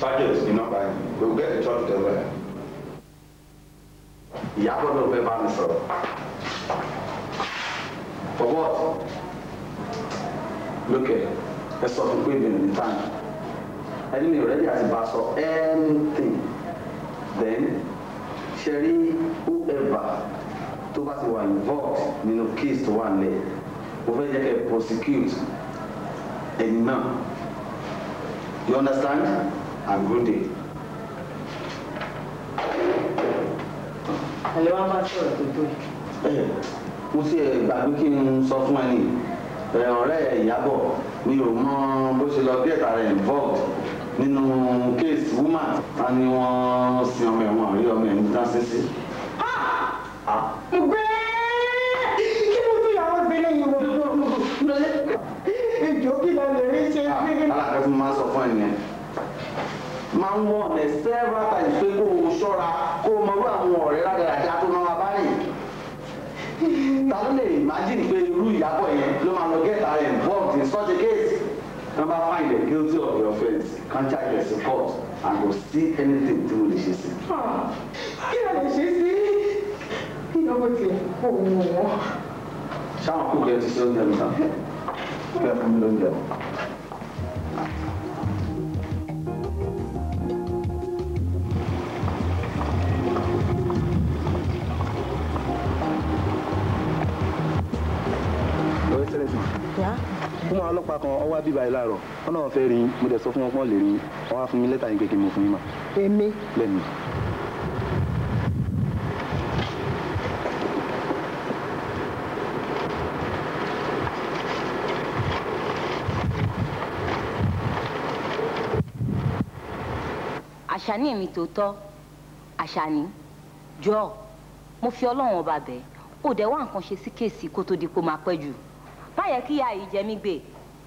sergeant ní nọ́mbà yìí we will get the church together. ìyàbọ̀ náà fẹ́ bá mi sọ̀rọ̀ for what lókè ẹ sọ fún pé ìbẹ̀rù ní tán ẹni mi ò rẹ́dí àti bá sọ anything then ṣe rí whoever tó bá ti wà involved nínú case tó wà nílẹ̀ mo fẹ́ jẹ́ kẹ́ prosecute ẹni náà you understand and good day. ẹ̀lẹ́ wá bá sọ̀rọ̀ tó tó yìí. mo ti eh, gbàgbé kí n sọ fún ẹ nìyí eh, ọ̀rẹ́ ìyàbọ̀ mi ò mọ bó ṣe lọ get ara involved nínú case woman ta ni wọ́n sin ọmọ ẹ̀wọ̀n àrí ọmọ ẹ̀mí dáṣẹ́ sí. ìgbé ah! kí ló fi àwọn obìnrin yìí wọ́n lọ́wọ́ ìjọ kí lọ lè rí ṣe é. Ah, alákọ̀ọ́ ah, fún mi máa ń sọ fún ẹ̀ nìyẹn máa ń wọ̀n ẹ̀ several times pé kó o ṣọ́ra kó o mọ irú àwọn ọ̀rẹ́ rádaràdà tó náà bá rìn. ta ló lè imagine pé irú ìyàbọ̀ yẹn ló máa lọ get her involved in such a case. number five dem guilty of the offence contact the support and go see anything tí mo lè ṣe sí. Ah, kí ló lè ṣe sí ìyàwó tiẹ̀ kó o wọ̀ wọ́n. ṣáà kò kẹ́ ẹ ti ṣe oúnjẹ mi tán kí ẹ fún mi lóúnjẹ o. ọlọ́pàá kan ọwọ́ bíbá yìí láàárọ̀ wọn náà fẹ́ rí i mo dẹ̀ sọ fún wọn pọ́n lè rí i wọn wá fún mi lẹ́tà yín pé kí n mú fún yín mà. èmi. lẹ́nu. àṣàní èmi tòótọ́ àṣàní jọ mo fi ọlọ́run ọba bẹ́ẹ̀ ó dẹ̀ wá nǹkan ṣe sí kéèsì kó tó di kó máa pẹ́ jù báyẹn kíyà yìí jẹ mí gbé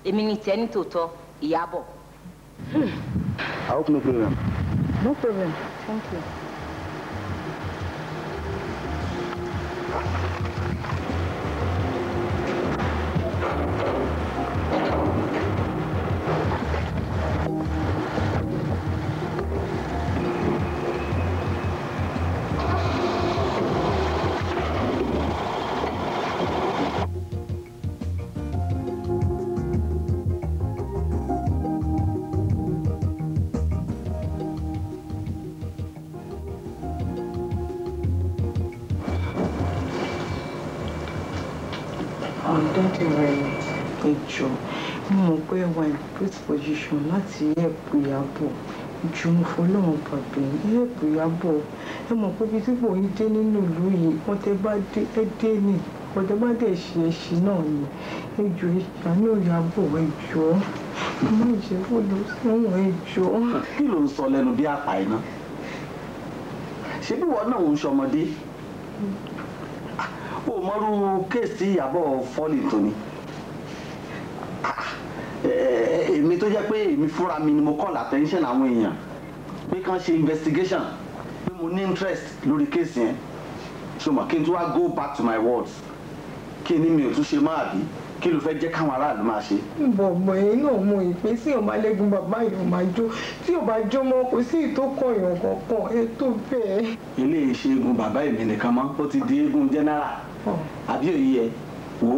èmi ni tiẹ̀ ní tòótọ́ ìyàbọ̀. I hope no problem. No problem. Thank you. where we are in great position láti help Ìyábọ̀ jù fọlọ́run bàbá help Ìyábọ̀ ẹ mọ̀ pé bí dípò yín dé nínú ìlú yìí wọ́n tẹ́ bá dé ẹ dé ni ọ̀dọ́ bá dẹ̀ ṣe ẹṣin náà ni ẹjọ́ ìṣàánú Ìyábọ̀ ẹjọ́ mo jẹ́ fọlọ́ sọ́wọ́n ẹjọ́. kí ló ń sọ lẹ́nu bí àpá iná ṣé bí wọn náà ń ṣọmọdé ah, o mọrú kéèsì Ìyábọ̀ fọ́ọ̀lì tó ni. Ah, Eh, èmi tó jẹ́ pé èmi fúnra mi ni mo call attention àwọn èèyàn pé kàn ṣe investigation pé mo ní interest lórí kéèsì yẹn ṣùgbọ́n kí n tún wá go back to my words kí ni mi ò tún ṣe máa bí kí ló fẹ́ jẹ́ káwọn aráàlú máa ṣe. bọ̀bọ̀ yìí náà mú ìpè sí ọmọ bàbá yìí ọmọ àjò tí ò bá jó mọ́ kò sí ìtókọ̀ èèyàn kankan ètò bẹ́ẹ̀. ilé ìṣe eégún bàbá èmi nìkan mọ́ ó ti di eégún jẹ́nẹ́rà àbí òye ẹ̀ wò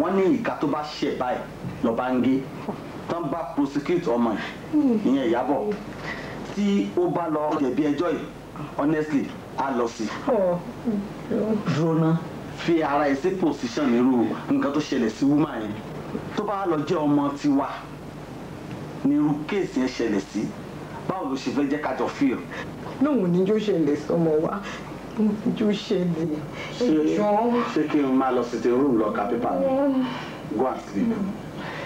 wọ́n ní ìka tó bá ṣẹ̀ báyìí lọ́ba ń gé tán bá prosecute ọmọ ìyẹn Ìyábọ̀ tí ó bá lọ jẹ̀bi ẹjọ́ yìí honestly a lọ sí fi ara ẹ̀ position nírú nǹkan tó ṣẹlẹ̀ sí wúmà yẹn tó bá lọ jẹ́ ọmọ tiwa nírú kéèsì yẹn ṣẹlẹ̀ sí báwo ló ṣe fẹ́ jẹ́ kájọ fíl. lóun ni yóò ṣẹlẹ̀ sọmọ wa yóò ṣẹlẹ̀ ẹjọ́. ṣé kí n máa lọ sí ti rúùmù lọ ka pépà mi mm. go and sleep. Mm.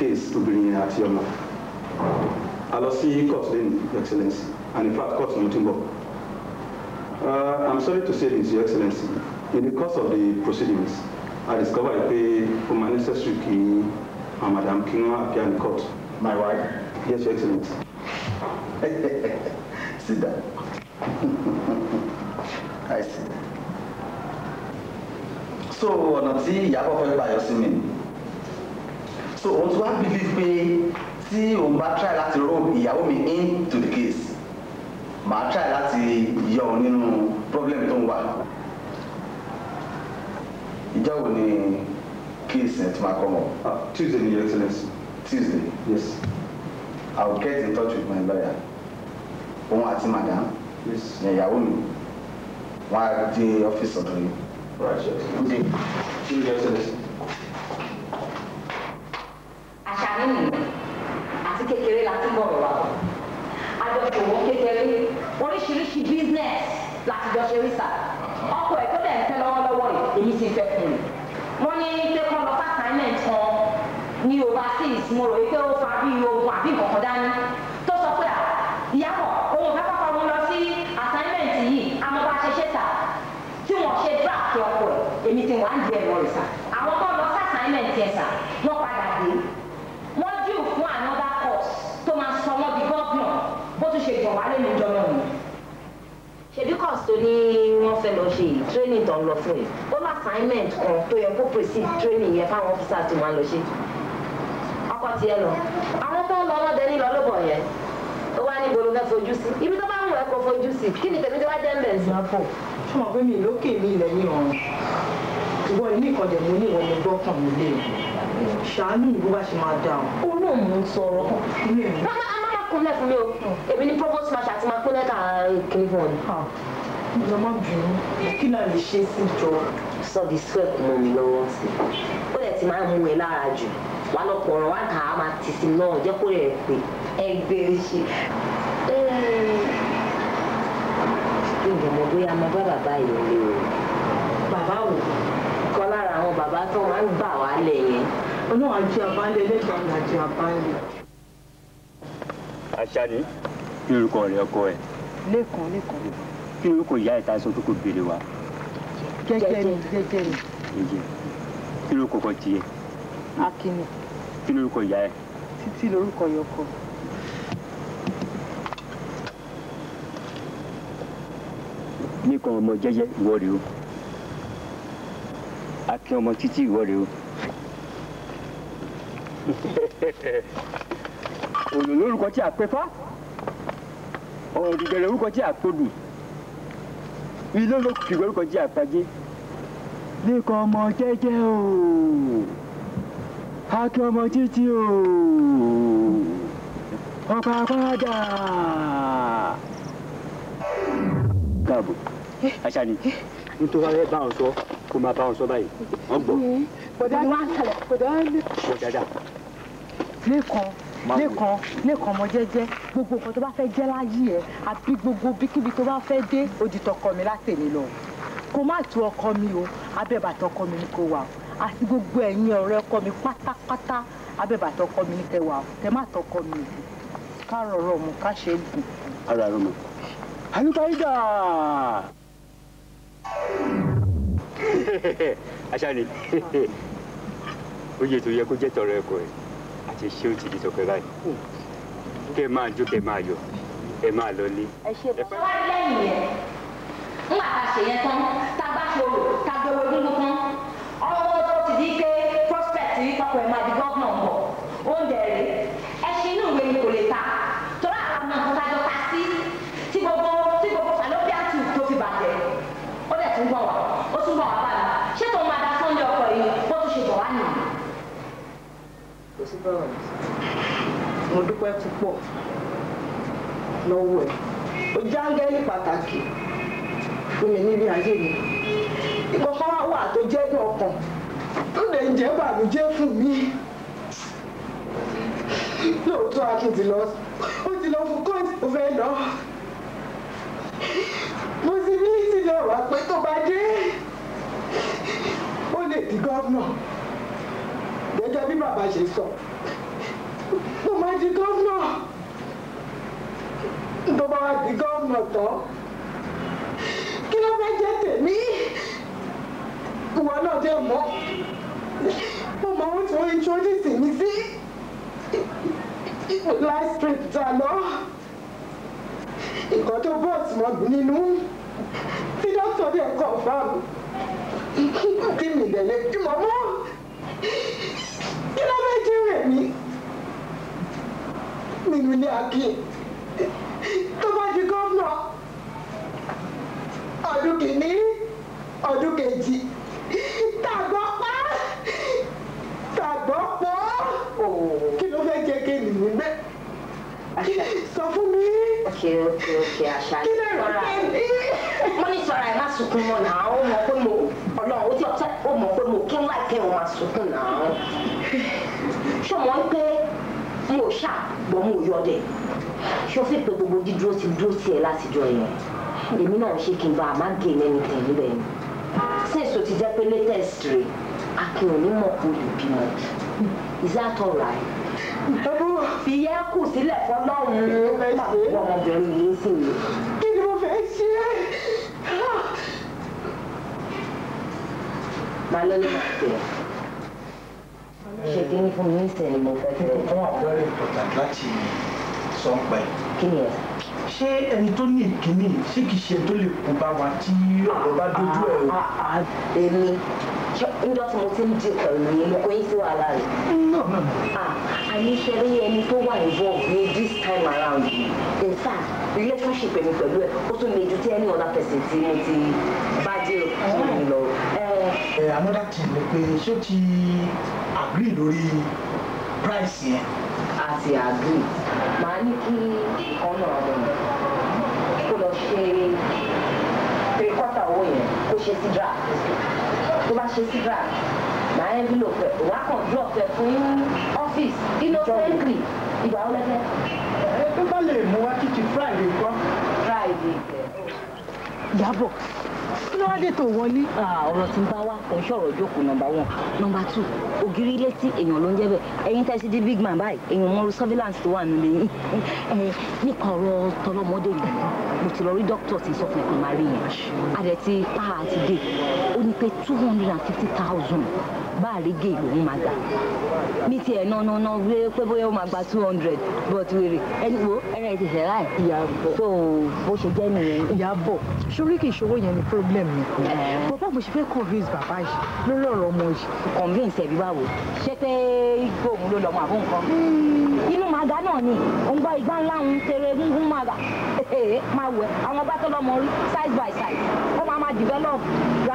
case to bring obìnrin yẹn your ọmọ I lost the court then your excellency and in fact court ló ti uh, i'm sorry to say this your excellency in the course of the proceedings i discovered pé o my necessary key, madam kí wọ́n appear in court. my wife. yes your excellency. <laughs> sit down. i see. so ọ̀nà tí ìyá kọ́kọ́ yóò bá yọ sí mi so òun ti wá believe pé tí òun bá try láti rope ìyàwó mi in to the case màá try láti yọ òun nínú problem tó ń wà ìjọ ni case ẹ̀ ti máa kọ́ mọ́. Ah, Tuesday ni your excellence. Tuesday. yes. I will get in touch with my lawyer òun àti madam yes. ní ìyàwó mi wọn á dé ọ́fíìsì ọ̀dọ̀ yìí. Right, sir. Good day. Good day, àṣà nínú àti kékeré la ti ń bọ̀rọ̀ wa àjọṣòwò kékeré oríṣiríṣi business láti jọ ṣe rí sà ọkọ̀ ẹ̀ tó dẹ̀ ń fẹ́ lọ́wọ́lọ́wọ́ yìí èyí ti fẹ́ fún mi wọ́n ní pé kọ́ lọ fún assignment kan ní overseas mo rò wípé ó fa ní wọ́n fẹ́ lọ ṣe training tó ń lọ fún yìí ó lọ assignment kan tó yẹ kó proceed training yẹn fáwọn officers tó máa lọ ṣe ọkọ tiẹ̀ lọ àwọn tó ń lọ ọlọ́dẹ ní lọ́lọ́bọ̀ yẹn ó wá ní gbolo fẹ́ fojú sí ibi tó bá ń wọ ẹ̀kọ́ fojú sí kí ni tèmi tó bá jẹ́ mbẹ̀ sí. ìyàpọ̀ tí mo fẹ́ mi lókè mi ilẹ̀ ní ọ̀run ìwọ ní ìkọ̀dẹ̀ mo ní ìwọ mo gbọ́ kàn mí lé ṣàánú ìbú bá ṣe máa dà ó lóun mò ń sọ̀rọ̀ kúnlẹ̀ fún mi o èmi ni provost marshal ti máa kúnlẹ̀ káàkiri fún ọ ìjọ má bínú kí náà lè ṣe sí ìjọ. sọ di sweat mọ mi lọ́wọ́ sí i ó lẹ ti máa ń mú ẹ lára jù wà lọ́pọ̀ ọ̀rọ̀ wà kà á máa tì sí náà jẹ́ kó rẹ̀ pé ẹgbẹ́ e mo bá bàbá yìí lé o. bàbá wò kọ́ lára àwọn bàbá tó máa ń gbà wá lẹ̀ yẹn. olóhùn àjẹ àbálẹ lẹ́gbàá àjẹ àbálẹ. àṣà ni kí orúkọ rẹ ọkọ ẹ. lẹ́kàn lẹ́kàn kí n kò yá ìta sọ pé kò béèrè wa. jẹ́jẹ́ ni jẹ́jẹ́ ni. jẹ́jẹ́ kí ló kọkọ tiẹ̀. akínú. kí lórúkọ ìyá ẹ. títí lórúkọ yọkọ. nìkan ọmọ jẹ́jẹ́ ìwọ rèé o akin ọmọ títí ìwọ rèé o òlò <laughs> lórúkọ tí a pè fá ọ̀rọ̀ dìgbẹ̀rẹ̀ orúkọ tí a pè dùn ilé ló kìgbẹ́rú kan jẹ́ àtàjẹ́ lẹ́kọ̀ọ́ ọmọ jẹ́jẹ́ o akẹ́ ọmọ títí o ọba padà káàbọ̀ aṣáni nítorí bá wọn sọ kó máa bá wọn sọ báyìí wọn gbọ́. bọ̀dá ni wọ́n á kalẹ̀ bọ̀dá ni. bọ̀dá dà. lẹ́kọ̀ọ́ nìkan nìkan ọmọ jẹ́jẹ́ gbogbo nǹkan tó bá fẹ́ jẹ́ láyé ẹ àbí gbogbo bíkíbi tó bá fẹ́ dé òdìtọ̀ ọkọ mi látẹ̀lé lọ kó má tu ọkọ mi o abẹ́bàtọ̀ ọkọ mi ni kò wà o àti gbogbo ẹ̀yin ọ̀rẹ́ ọkọ mi pátápátá abẹ́bàtọ̀ ọkọ mi ní kẹwàá o tẹ má tọkọ mi o ká rọrọ mu ká ṣe é gùn. ara rẹ mọ àyùká yìí dà. aṣáájú oye tó yẹ kó jẹ́ tọrọ ẹ̀kọ́ ẹ̀ ti ṣé ó ti di sọ̀kẹ́ báyìí kẹ́ ẹ máa jó kẹ́ ẹ máa yọ̀ ẹ máa lọ ní. ẹ ṣe bọ́ wá lẹ́yìn yẹn ńgbà tá a ṣe yẹn tán tá a bá ṣòro tá a gbowó dúdú tán ọlọ́wọ́ tó ti di pé prospect yìí kọ́kọ́ ẹ̀ máa di gọ́ọ̀nà mọ̀ ó ń bronze mo dúpẹ́ púpọ̀ lọ́wọ́ ẹ̀ ó jáńgẹ́lì pataki fún mi nílé ayé mi ìkọ̀kan wà tó jẹ́ ọkàn ó lè jẹ́ bàmújẹ́ fún mi lóòótọ́ akin ti lọ ó ti lọ fún ko tó mo ti di gómìnà gẹ́gẹ́ bí bàbá ṣe mo máa di gómìnà tó bá wá di gómìnà tán kí ló fẹ́ jẹ́ tèmi ìwọ náà dé mọ́ mo mọ ohun tí wọ́n introduce mi sí light street dáná nǹkan tó bọ́ọ̀sì mọ́ nínú tí dókítà dẹ̀ kọ̀ fáàmù kí mi dẹ̀ lè bímọ mọ́ kí ló fẹ́ jẹ́ rẹ̀ mi nínú ilé àbíyè tó bá di gómìnà ọdún kìíní ọdún kejì tàgbọ́ pa tàgbọ́ pọ̀ kí ló fẹ́ jẹ́ kí nìyí gbé sọ fún mi. ok ok ok àṣà yìí sọra ẹ mo ní sọra ẹ má sunkún mọ́ náà ó mọ̀ pé mo Ọlọ́run ó ti ọtẹ ó mọ̀ pé mo kí n láìpẹ́ òun má sunkún náà ṣé ń pé mi ò ṣá bọ́ mo yọ dẹ̀ ṣó pé gbogbo dídúró ti dúró tiẹ̀ látijọ́ yẹn èmi náà ṣe kí n bá a má gé lẹ́nu tẹ̀ níbẹ̀ ni since o ti jẹ́ pé latest rè akin ò ní mọ̀ kó lè bímọ is that all right. ẹ̀bùn fi yẹ kù sílẹ̀ fọlọ́run nígbà ọmọbìnrin yìí sì yìí. kí ni mo fẹ́ ṣe é. màá lọ́lé màá tẹ̀ ẹ́ ṣe kí ní fún mi nísìnyí mo fẹ́ fẹ́. nǹkan wà very important láti sọ ń pẹ́. kí ni ẹ. ṣé ẹni tó ní ìkíní ṣé kìí ṣe tó lè kó bá wa tí ọ̀rọ̀ bá dojú ẹ̀ o. Ah, ah, ah, èmi níjọ́ tí mo ti ń di pẹ̀lú yẹn mo kó yín sí wàhálà rẹ̀. no no no. àníṣe rí ẹni tó wà involved ní this time around yìí in fact relationship èmi pẹ̀lú ẹ̀ ó tún le ju tí any other person tí mo ti bá dé òkú mi lọ another thing ni pé ṣé o ti agree lórí price yẹn. a ti agree màá ní kí kan náà rẹ̀ kó lọ ṣe three quarter owó yẹn kó ṣe sí draft tó bá ṣe sí draft màá envelope ẹ̀ wá kàn drop ẹ̀ fún ọ́fíìsì innocently ìgbà ó lẹ́tẹ̀. ẹ tó bá lè mú wá títí friday kọ́. friday. Ìyábọ̀. Yeah, ló wá dé tó wọlé. ọ̀rọ̀ tí ń bá wa kò ń ṣọ̀rọ̀ jókòó nọmba one nọmba two ògiri ilé tí èèyàn ló ń jẹ́ bẹ̀ ẹ̀yin tẹ́sí di big man báyìí èèyàn mọ́rú surveillance tó wà nílé yín <laughs> nípa ọ̀rọ̀ tọlọ́mọdé yìí mo ti lọ rí dókítà tí sọ fún ẹ̀kọ́ máa rí yẹn adẹ̀ ti pa àti dé ó ní pé two hundred and fifty thousand bá àrígè lòún máa gbà mí ti ẹ̀ náà náà wé pé bóyá ó máa gba two hundred but wèrè ẹni wo ẹ̀rẹ̀ ti ṣẹ̀ láì. ìyàbọ̀ tó bó ṣe jẹ́ nìyẹn. ìyàbọ̀ sórí kì í ṣòwò yẹn ni problem mi. bàbá mo ṣe fẹ́ convince bàbá yìí lórí ọ̀rọ̀ ọmọ yìí. convince ẹ̀bí báwo ṣé pé igbó òun ló lọ́mọ àbó nǹkan. Hmm. inú màgá náà ni òun gbọ́ igbá ńlá òun tèrè egungun màgá máa wẹ̀ àwọn bá tọ́lọ́mọ rí side by side ó máa máa develop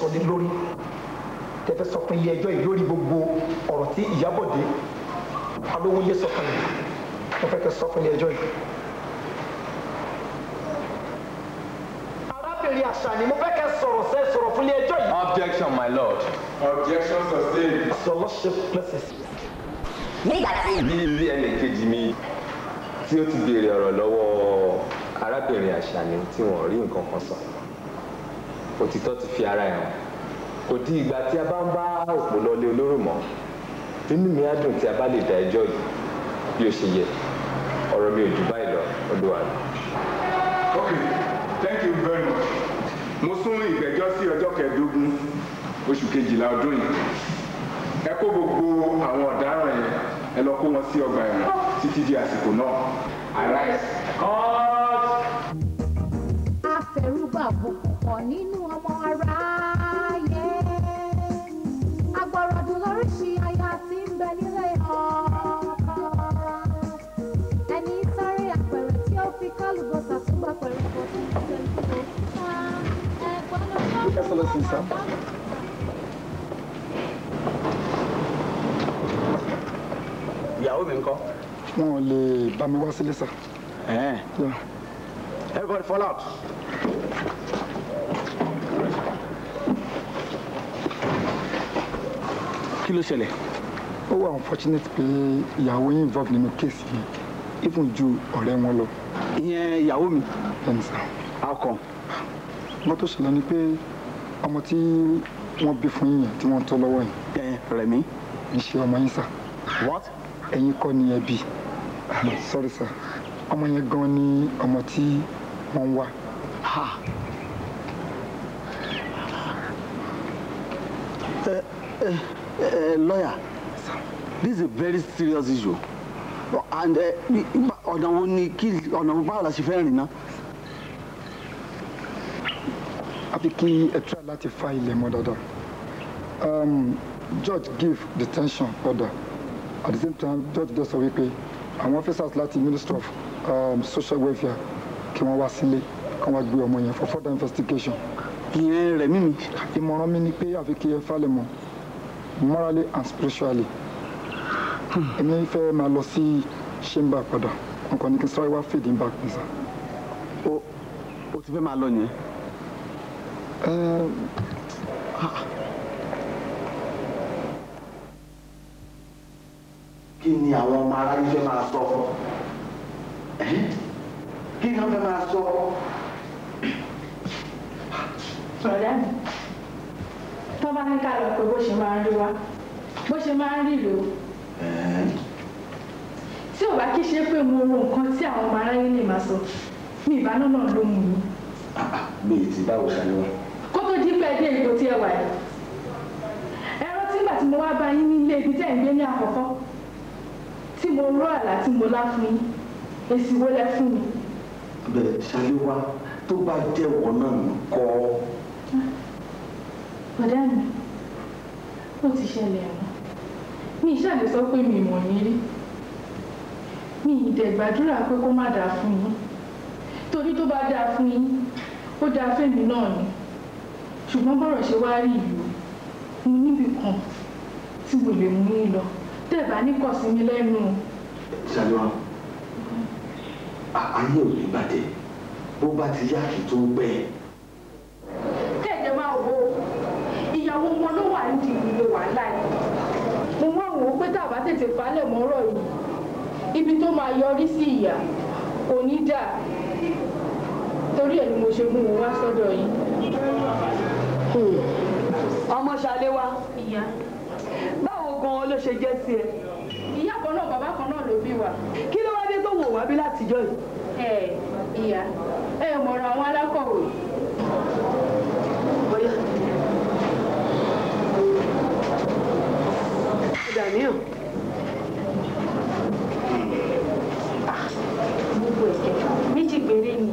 sọ lé lórí tẹ́ sọ fún ilé ẹjọ́ yìí lórí gbogbo ọ̀rọ̀ tí Ìyábọ̀dé Alówóyè sọ fún mo fẹ́ kẹ́ sọ fún ilé ẹjọ́ yìí. arábìnrin Àṣàní mo fẹ́ kẹ́ sọ̀rọ̀ sẹ́ sọ̀rọ̀ fún ilé ẹjọ́ yìí. objection my lord. objection sustained. your lordship blesses. nígbà tí. bí ilé ẹnì kejì mi tí ó ti béèrè ọ̀rọ̀ lọ́wọ́ arábìnrin Àṣàní tí wọ́n rí nǹkan kan sọ òtítọ́ ti fi ara ẹ̀ hàn kò di ìgbà tí a bá ń bá òpó lọlé olóró mọ́ nínú mi á dùn tí a bá lè da ẹjọ́ yìí bí ó ṣe yẹ ọ̀rọ̀ mi ò jù báyìí lọ ọdún wa. okay thank you very much mo sún ìgbẹ́jọ́ sí ọjọ́ kẹẹ̀ẹ́dógún oṣù kejìlá ọdún yìí ẹ kó gbogbo àwọn ọ̀daràn yẹn ẹ lọ kó wọn sí ọgbà ẹ̀wọ̀n títí di àsìkò náà. arise. afẹ́rúgbàbọ̀ kan nínú. olasın sen? ìyàwó mi ńkọ́? wọn ò lè bá mi wá sílé everybody fall out. kí ló ṣẹlẹ̀? ó wà unfortunate pé ìyàwó yín involve nínú kéèsì yìí even you, ọ̀rẹ́ wọn lọ. ìyẹn ìyàwó mi. ẹ̀ ń how come? wọ́n tó ṣẹlẹ̀ ni ọmọ tí wọ́n bí fún yìnyín tí wọ́n ń tọ́ lọ́wọ́ yìí. ẹ Rẹ̀mí. ń ṣe ọmọ yín sà. what. ẹ̀yin kọ́ ni ẹ bí. sorry sir ọmọ yẹn gan ni ọmọ tí wọ́n ń wá. ẹ ẹ ẹ lọ́yà this is a very serious issue and ọ̀nà wo ni kí ọ̀nà wo báwo la ṣe fẹ́ rìn náà àfi kí ẹ try láti fa ilẹ̀ mọ́ dáadáa um, judge give detention order at the same time judge dẹ̀ sọ wípé àwọn officers láti minister of um, social welfare kí wọ́n wá sílé kí wọ́n gbé ọmọ yẹn for further investigation. ìyẹn rẹ̀ mímu. ìmọ̀ràn mi ni pé àfi kí ẹ falẹ̀ mọ́ morally and spiritually. èmi fẹ́ máa lọ sí chamber padà nǹkan ní kí n sáré wá fìdí back nìsa. o o ti fẹ́ máa lọ yẹn. Ehm, kí ni àwọn ọmọ aráyé fẹ́ máa sọ kí ni wọ́n fẹ́ máa sọ. ọ̀rẹ́ mi tó bá ní ká lọ pé bó ṣe máa ń rí wa bó ṣe máa ń rí lò tí ò bá kí ṣe pé mo ro nǹkan tí àwọn ọmọ aráyé lè máa sọ mi ìbáná náà ló mú mi. bíi ti báwo ṣàlùwà kó tó jí pẹ́ dé ipò tí ẹ wà yìí ẹ̀rọ tígbà tí mo wá bá yín ní ilé ibi tẹ́ ń gbé ní àkọ́kọ́ tí mo rọ àlá tí mo lá fún yín èsì wo lẹ fún mi. bẹ́ẹ̀ ṣàlíwá tó bá jẹ́wọ́ náà ń kọ́. bọ̀dá mi ó ti ṣẹlẹ̀ ẹ̀wọ̀n mi ìṣàlẹ̀ sọ pé mi mọ̀ yín rí mi ìdẹ̀ gbàdúrà pé kó má dáa fún yín torí tó bá dáa fún yín ó dáa fẹ́mi náà ni ṣùgbọ́n bọ́rọ̀ ṣe wá rí ìlú mo níbi kan tí mo lè mú yín lọ tẹ̀bá ní kọ̀ sí mi lẹ́nu. ṣàlùwà ayé ò ní bàjẹ́ bó bá ti yá kí tó gbẹ. kẹ̀jẹ̀ máa wo ìyàwó wọn ló wà ní ìdílé wàhálà yìí mo wá wò ó pé tá a bá tètè falẹ̀ mọ́rọ̀ yìí ibi tó máa yọrí sí ìyà kò ní dà torí ẹ̀ ni mo ṣe mú wọn wá sọ́dọ̀ yìí ọmọ ṣàléwá báwo gan-an ló ṣe jẹ́ sí ẹ. ìyá kan náà bàbá kan náà ló bí wa. kí ló wá dé tó wò wá bí látijọ́ yìí. ẹ ìyá ẹ mọ̀ràn àwọn alákọ̀wé. bóyá ah, gbogbo ẹ̀kẹ́ méjì péré ni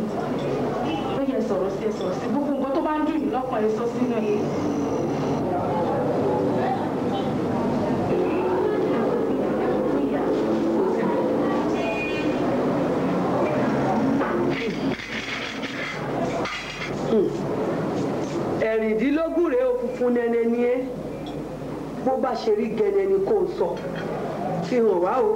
ó yẹ sọ̀rọ̀ sí ẹ sọ̀rọ̀ sí gbogbo ọlọ́pàá èso sínú yìí. Hmm. ẹ̀rìndínlógún rèé òkùnkùn nẹ́nẹ́ ni ẹ́ bó bá ṣe rí gẹ́nẹ́ ni kò sọ fi hàn wá o.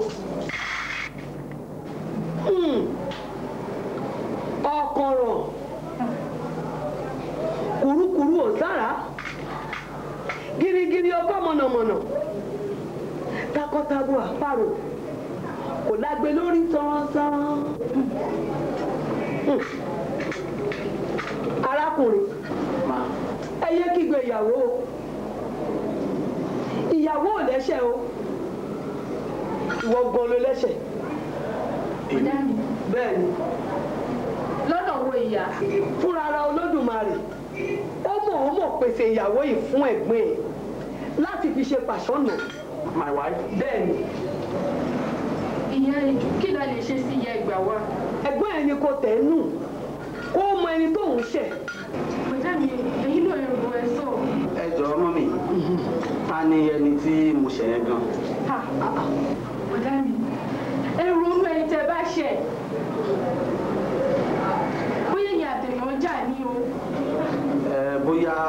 fúnra ara olódùmarè ó mọ̀ ó mọ̀ pèsè ìyàwó yìí fún ẹ̀gbọ́n ẹ̀ láti fi ṣe pàṣọ́nà. my wife. bẹ́ẹ̀ni. ìyá ẹjù kí la lè ṣe sí ìyá ìgbà wa. ẹ̀gbọ́n ẹni kò tẹ̀ ẹ́ nù kó mọ ẹni tóun ṣẹ̀. bàjẹ́ mi èyí náà ẹ̀rù ẹ̀ sọ. ẹ jọ̀ọ́ mọ́ mi ta ni ẹni tí mo ṣẹ̀ yẹn gan. bàjẹ́ mi ẹ ronú ẹni tẹ bá ṣẹ̀. ya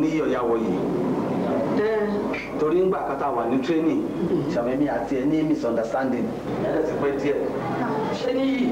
ní ọ̀yàwó yìí torí ń gbà kátà wà ní training ṣàmẹ́mí àti ẹ̀ ní misunderstanding ẹ̀ ẹ̀ ti díẹ̀ ṣé níyì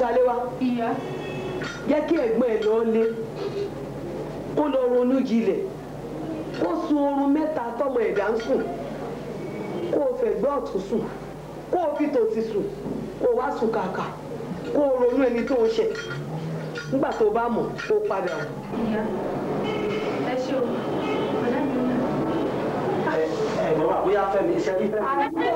ṣàléwá. ìyá. jẹ́ kí ẹ̀gbọ́n ẹ̀ lọ́ọ́ lé kó lọ ronú jinlẹ̀ kó sun oorun mẹ́ta tọmọ ẹ̀dá ń sùn kó o fẹ̀gbẹ́ ọ̀tún sùn kó o fi tòsí sùn kó o wá sùn kàkà kó o ronú ẹni tó ń ṣẹ̀ nígbà tó o bá mọ̀ kó o padà wọ̀. ìyá ẹ ṣe o ọ̀dà mi ò bóyá fẹ́mi iṣẹ́ bí fẹ́mi.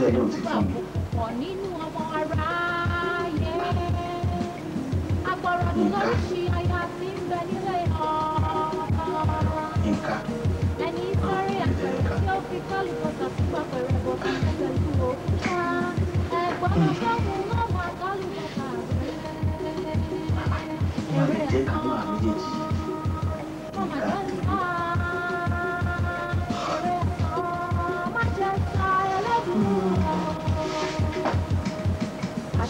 dẹ̀ lóun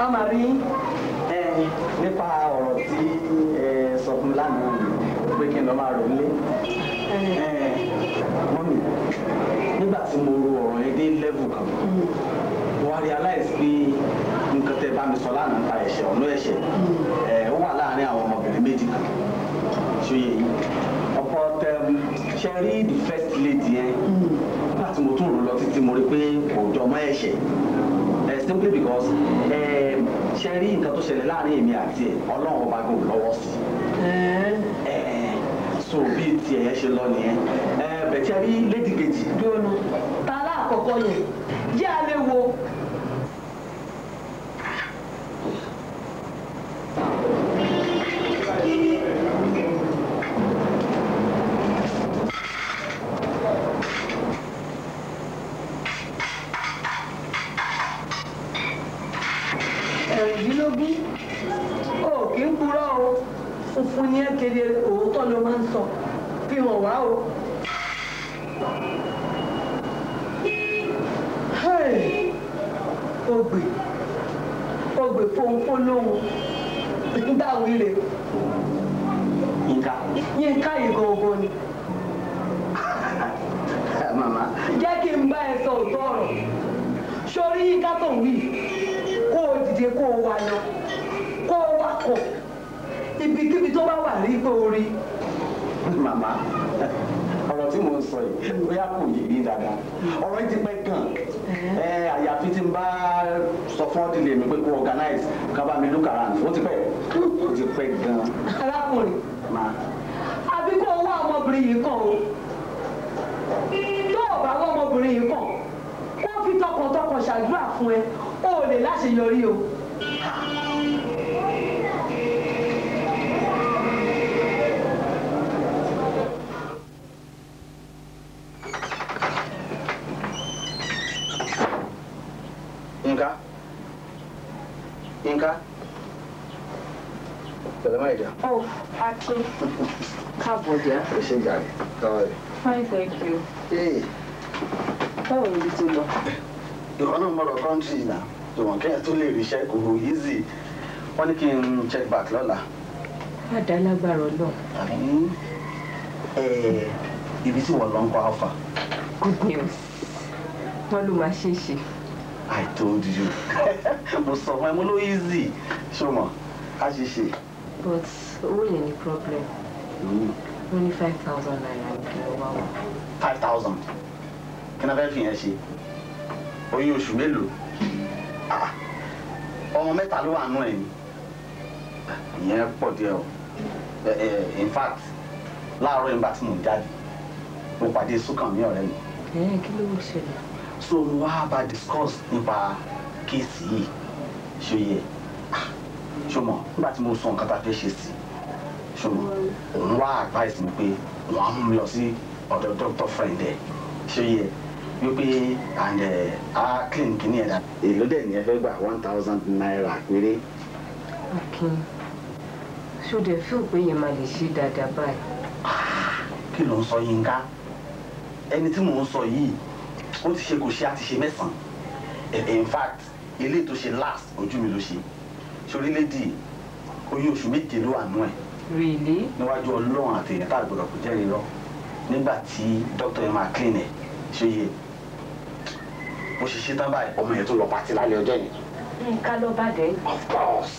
a máa rí nípa ọ̀rọ̀ tí ẹ eh, sọ fún lánàá pé kí n lọ máa rò nílé eh, mọ́mì nígbà tí mo ro ọ̀rọ̀ yẹn dé level kan wọ́n realize pé nǹkan tẹ́ bá mi sọ lánàá nípa ẹ̀ṣẹ̀ ọ̀nà ẹ̀ṣẹ̀ eh, ó wà láàárín àwọn ọmọbìnrin méjì kan ṣó yẹ yìí ọ̀pọ̀ tẹ ṣe rí the first lady yẹn nígbà tí mo tún rò lọ títí mo rí pé kò jọ mọ́ ẹ̀ṣẹ̀ simply because eh, ṣe rí nǹkan tó ṣẹlẹ̀ láàrin èmi àti ẹ̀ ọlọ́run ọba kò lọ́wọ́ sí eh? Eh, so bí tiẹ̀ yẹn ṣe lọ nìyẹn bẹ̀tí ẹ rí lédi kejì. dúró nu tààlà àkọ́kọ́ yẹn jẹ́ alẹ́ wo kábàámi lùkàrà ni ó ti pẹ́ ó ti pẹ́ gan káàbọ̀ jẹ́. ó ṣe ń gàrí fine thank you. báwo ni ti lọ. ìwọ náà mọ̀rọ̀ kọ́ńtì ìnà tòmọ̀ kẹ́yìn tó lè ríṣẹ́ kò hù yízì wọ́n ní kí n check back lọ́la. má dá lágbára náà. ibi tí wọ́n lọ ń kọ́ alpha. good news wọ́n ló máa ṣe é ṣe. I told you <laughs> mo sọ fún ẹ mo ló easy ṣùgbọ́n a ṣe ṣe. but so owó yẹn ni problem wọ́n ní 5.000, thousand naira ní kí wọ́n wá wà. five thousand kí náà fẹ́ fi yẹn ṣe oyún oṣù mélòó ah, ọmọ mẹ́ta ló wà nù ẹ̀ ni ìyẹn pọ̀ in fact láàárọ̀ ìgbà tí mò ń jáde mo pàdé Súnkànmí ọ̀rẹ́ mi. ẹ̀yìn kí ló ń ṣẹlẹ̀. so mo wá bá discuss nípa kéèsì yìí ṣòye ah, ṣòmọ̀ nígbà tí mo sọ nǹkan tá a fẹ́ ṣe so òun wá advice mi pé wọ́n á mú lọ sí ọ̀dọ̀ doctor friend ẹ̀ ṣé yẹ wípé and eh, a clean kìíní ẹ̀dá èló dẹ̀ ni ẹ fẹ́ gbà one thousand naira péré. ok ṣó dẹ̀ fi òpè yẹn máa lè ṣe dáadáa báyìí. kí ló ń sọ Yínká ẹni tí mò ń sọ yìí ó ti ṣe kò ṣe àti ṣe mẹ́sàn-án eh, in fact eléyìí tó ṣe last ojú mi ló ṣe ṣorílẹ̀-èdè oyún oṣù méje ló wà nú ẹ̀ really. níwájú ọlọ́run àti èèyàn tá a gbọ́dọ̀ kó jẹ́rìí lọ nígbà tí dókítà yẹn máa clean ẹ̀ ṣe yé bó ṣe ṣe tán báyìí ọmọ yẹn tó lọ pàtí lálẹ́ ọjọ́ yẹn. nǹkan ló bá dé. of course.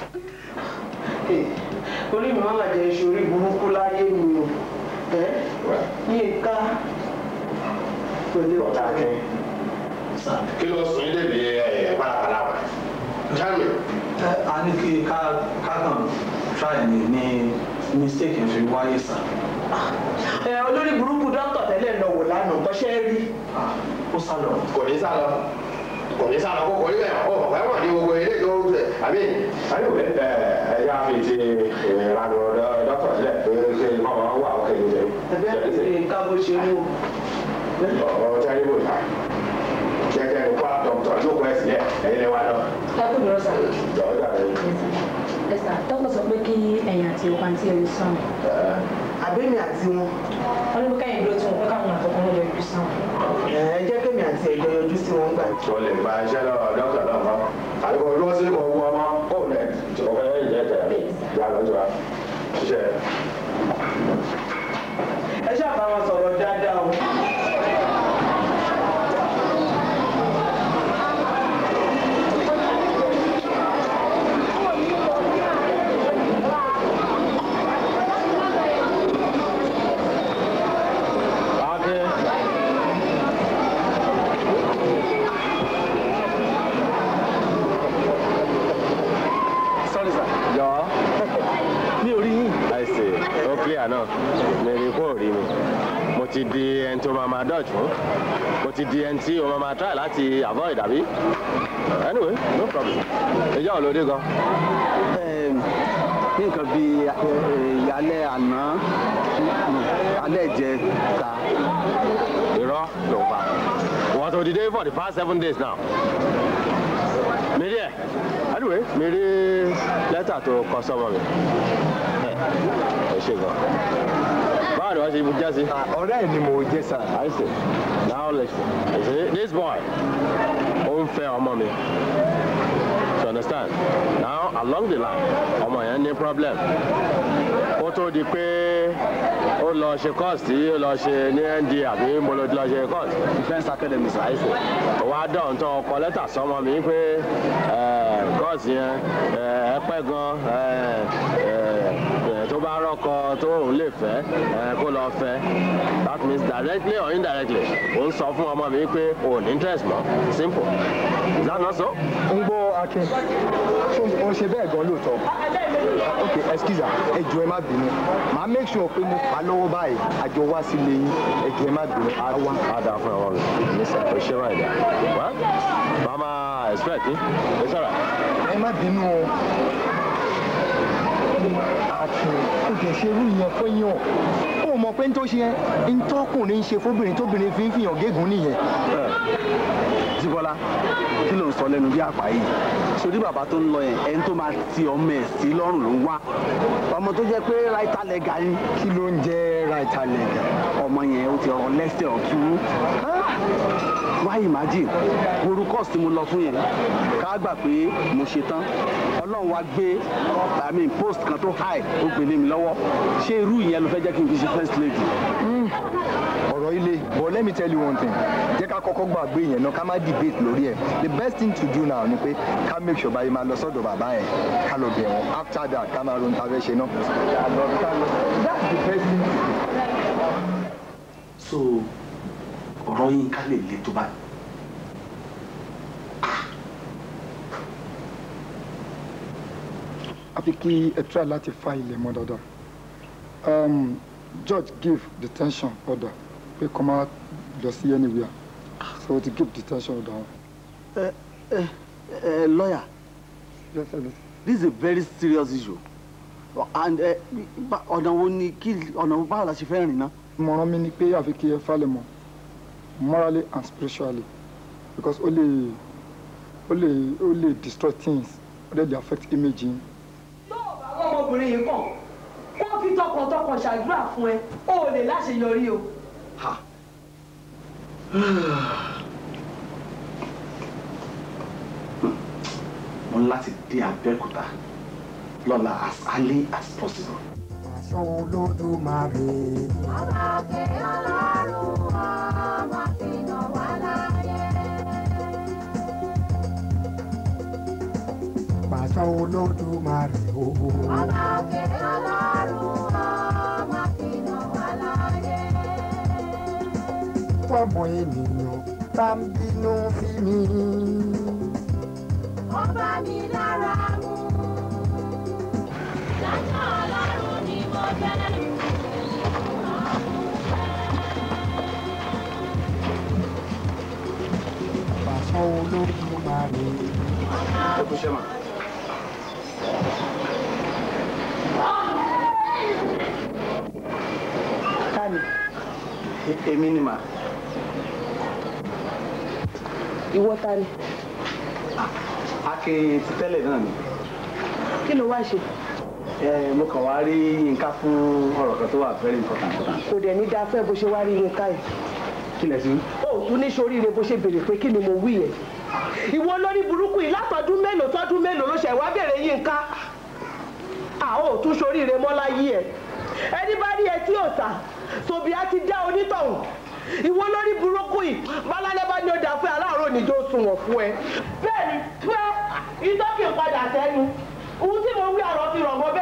<laughs> orí mi máa jẹ ìṣòrí burúkú láyé mi o yínká pẹ̀lú ọ̀tá kẹ́. kí ló sún yín débi ẹ̀ ẹ̀ pàlàpàlà jámi. a ní kí ká kákan try ni ní mistake fi wáyé sàn. Ah, olórí burúkú dókítà tẹ́lẹ̀ lọ wò lánàá bọ́ṣẹ́ rí. Ah, ó sá lọ. kò ní sá lọ kò ní sá lọ kó kò ní bẹ̀rẹ̀ ọ̀ ọ̀gá ẹ̀wọ̀n ní gbogbo ilé tó ń tẹ̀ àbí àbí òwe ẹ̀ ẹ̀ yá fi ti ìrànlọ́ dókítà sílẹ̀ pé ṣé ọmọ wà òkè ní jẹ́. ẹgbẹ́ ìpè ká bó ṣe wò. ọ̀rọ̀ tẹ́lẹ̀ bò ta jẹ́jẹ́ ìkọ́ àtọ̀tọ̀ yóò pẹ́ sílẹ̀ ẹ̀yin lè wá lọ. ẹ kò ní ọ̀sán ẹ sà dókítà sọ pé kí ẹ̀yìn àti òkú àti ẹ̀rí sàn. àbẹ́mi àti wọn. wọ́n ní kẹ́yìn dúró tí wọ́n pẹ́ káwọn àtọkùnrin lọ yọjú sàn. ẹ jẹ́ kẹ́mi àti ẹ̀jọ́ yọjú sí wọn gbà. sọ lè gba iṣẹ́ lọ́wọ́ dókítà náà mọ́ àbíkọ lọ́sẹ̀ kọ̀ wọ́n mọ́ kó lẹ̀ ìjọba ẹ̀ ìjẹ́ tẹ̀ mí yà lọ́jọ́ wa ṣiṣẹ́. ẹ ṣáà bá wọn sọ̀rọ̀ dáadáa o. máa máa dodge fún mo ti di ẹni tí o máa máa try láti avoid àbí anyway no problem ìjà òlòdì gan. ní nǹkan bíi ìyálẹ̀ eh, àná alẹ́ jẹ ta. irọ́ ló ń pa wọ́n tó dìde for the past seven days now. mèrè ẹ̀ anyway mèrè lẹ́tà tó kọ sọ́mọ mi ẹ̀ ṣe gan. Why do ah, I say Mujasi? Already Mujasa. I say. Now let's. See, this boy, unfair ọmọ mi. You understand? Now along the line, ọmọ yẹn ní problem. Ó tó di pé ó lọ ṣe course tí ó lọ ṣe ní ND àbí mo lọ lọ ṣe course. Defence Academy sir. I say. Wàá dán tán ọkọ lẹ́tà sọmọ mi pé eh, course yẹn eh, ẹ pẹ́ gan eh, bá rọ́kọ tó òun lè fẹ́ kó lọ fẹ́ that means directly or indirectly ó ń sọ fún ọmọ mi pé o interest mọ́ simple is that not so. ń gbọ́ akin ṣó o ṣe bẹ́ẹ̀ gan lóòótọ́ ok excuse ẹ jọ ẹ má bínú màá make sure pé mo pa lọ́wọ́ báyìí àjọ wá sí lẹ́yìn ẹ jọ ẹ má bínú á wá. á dà fún ọwọ́ rẹ̀ ní sẹ́kọ̀ọ́ ṣé wà ìdá màmá expect ẹ sọ̀rọ̀. ẹ má bínú o àti òjò ṣerú yẹn fẹ́yàn ó mọ̀ pé ń tó ṣe ń tọ́kùnrin ń ṣe fóbìnrin tóbìnrin fi ń fìyàn gégùn nìyẹn. Jíbọ́lá kí ló ń sọ lẹ́nu bí àpá yìí sórí bàbá tó ń lọ yẹn ẹni tó máa ti ọmọ ẹ̀ sí lọ́rùn ló ń wá ọmọ tó jẹ́ pé ráìtà lẹ́gà yín. kí ló ń jẹ́ ráìtà lẹ́gà ọmọ yẹn ó ti ọ̀rọ̀ lẹ́sẹ̀ ọ̀tún wá imagine gbòòrò course mo lọ fún yẹn ká gbà pé mo ṣe tán ọlọ́run wá gbé i mean post kan tó high ó gbélé mi lọ́wọ́ ṣé irú ìyẹn ló fẹ́ jẹ́ kí n fi ṣe first lady. ọ̀rọ̀ ilé but let me tell you one thing jẹ́ ká kọ́kọ́ gbàgbé yẹn náà ká má debate lórí ẹ̀ the best thing to do now ni pé ká make sure báyìí máa lọ sọ́dọ̀ bàbá yẹn ká lọ bẹ̀ wọ́n after that ká máa ronú tàbí ṣe náà. that's the best thing to do. so ọ̀rọ̀ yín ká lè le tó báyìí. àfi kí ẹ try láti fa ilẹ̀ mọ́ dandan um, judge give detention order pé kọ́ máa lọ sí anywhere so to give detention order. ẹ ẹ ẹ lawyer yes, this is a very serious issue and ọ̀nà wo ni kí ọ̀nà wo báwo la ṣe fẹ́ rìn ná. ìmọ̀ràn mi ni pé àfi kí ẹ falẹ̀ mọ́ morally and spiritually because only, only, only lè ó lè destroy things ó dẹ̀ lè affect image yín. tó o bá wọ́n ọmọbìnrin yìí kàn kó o fi tọkàntọkàn ṣàdúrà fún ẹ o ò lè láṣeyọrí o. mo ń láti dé Abẹ́òkúta lọ́la as early as possible ọ̀ṣun olódùmarè. ọba kẹ́ ọlọ́run ọba fìnà wá láyé. pàṣọ olódùmarè o. ọba kẹ́ ọlọ́run ọba fìnà wá láyé. pọ́mọ ènìyàn bá ń bínú sí mi. ọba mi lára mu. lọ́jọ́ ọlọ́run. Bàṣọ olórí ló máa rè é. Ẹ kú iṣẹ́ mà. Tani. Èmi ni? Ah, Akin ti tẹ́lẹ̀ náà ni. Kí ló wá ṣe? mo kàn wá rí yínká fún ọ̀rọ̀ kan tó wà very important. kò dẹ̀ ní dáa fẹ́ bó ṣe wá rí yínká yìí. kí lẹ sí. o tún ní soríire bó ṣe béèrè pé kí ni mo wí yẹn. ìwọ olórí burúkú yìí látọdún mélòó tọdún mélòó ló ṣe wá béèrè yínká. a ò tún soríire mọ́ láyé ẹ̀ ẹni bá rí etí òòsà tòbí á ti dá onítọ̀hún ìwọ lórí burúkú yìí bálálẹ́ bá ní ó dáa fún ẹ aláàárọ̀ níjó sunwọ̀n fún ẹ. bẹ́ẹ̀ni pé ìtọ́kì padà sẹ́nu ohun tí mo wí ọ̀rọ̀ fi rọ̀ mọ́ bẹ́ẹ̀.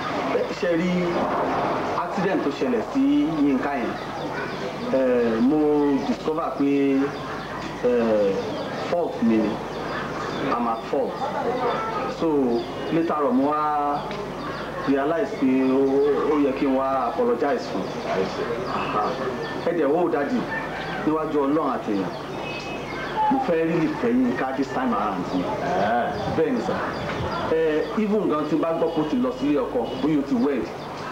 ṣe rí accident tó ṣẹlẹ̀ sí Yínká yẹn eh, mo discover pé eh, fault mi ni i'm at fault so later on mo wá realize pé ó yẹ kí n wá apologize fún ẹ dẹ̀ wò dadi níwájú Ọlọ́run àtẹ̀yàn mo fẹ́ rí lè in yín ká this time around ni ah. bẹ́ẹ̀ ni sà ẹ eh, even gan tí n bá gbọ́ pé o ti lọ sílé ọkọ bóyá o ti wed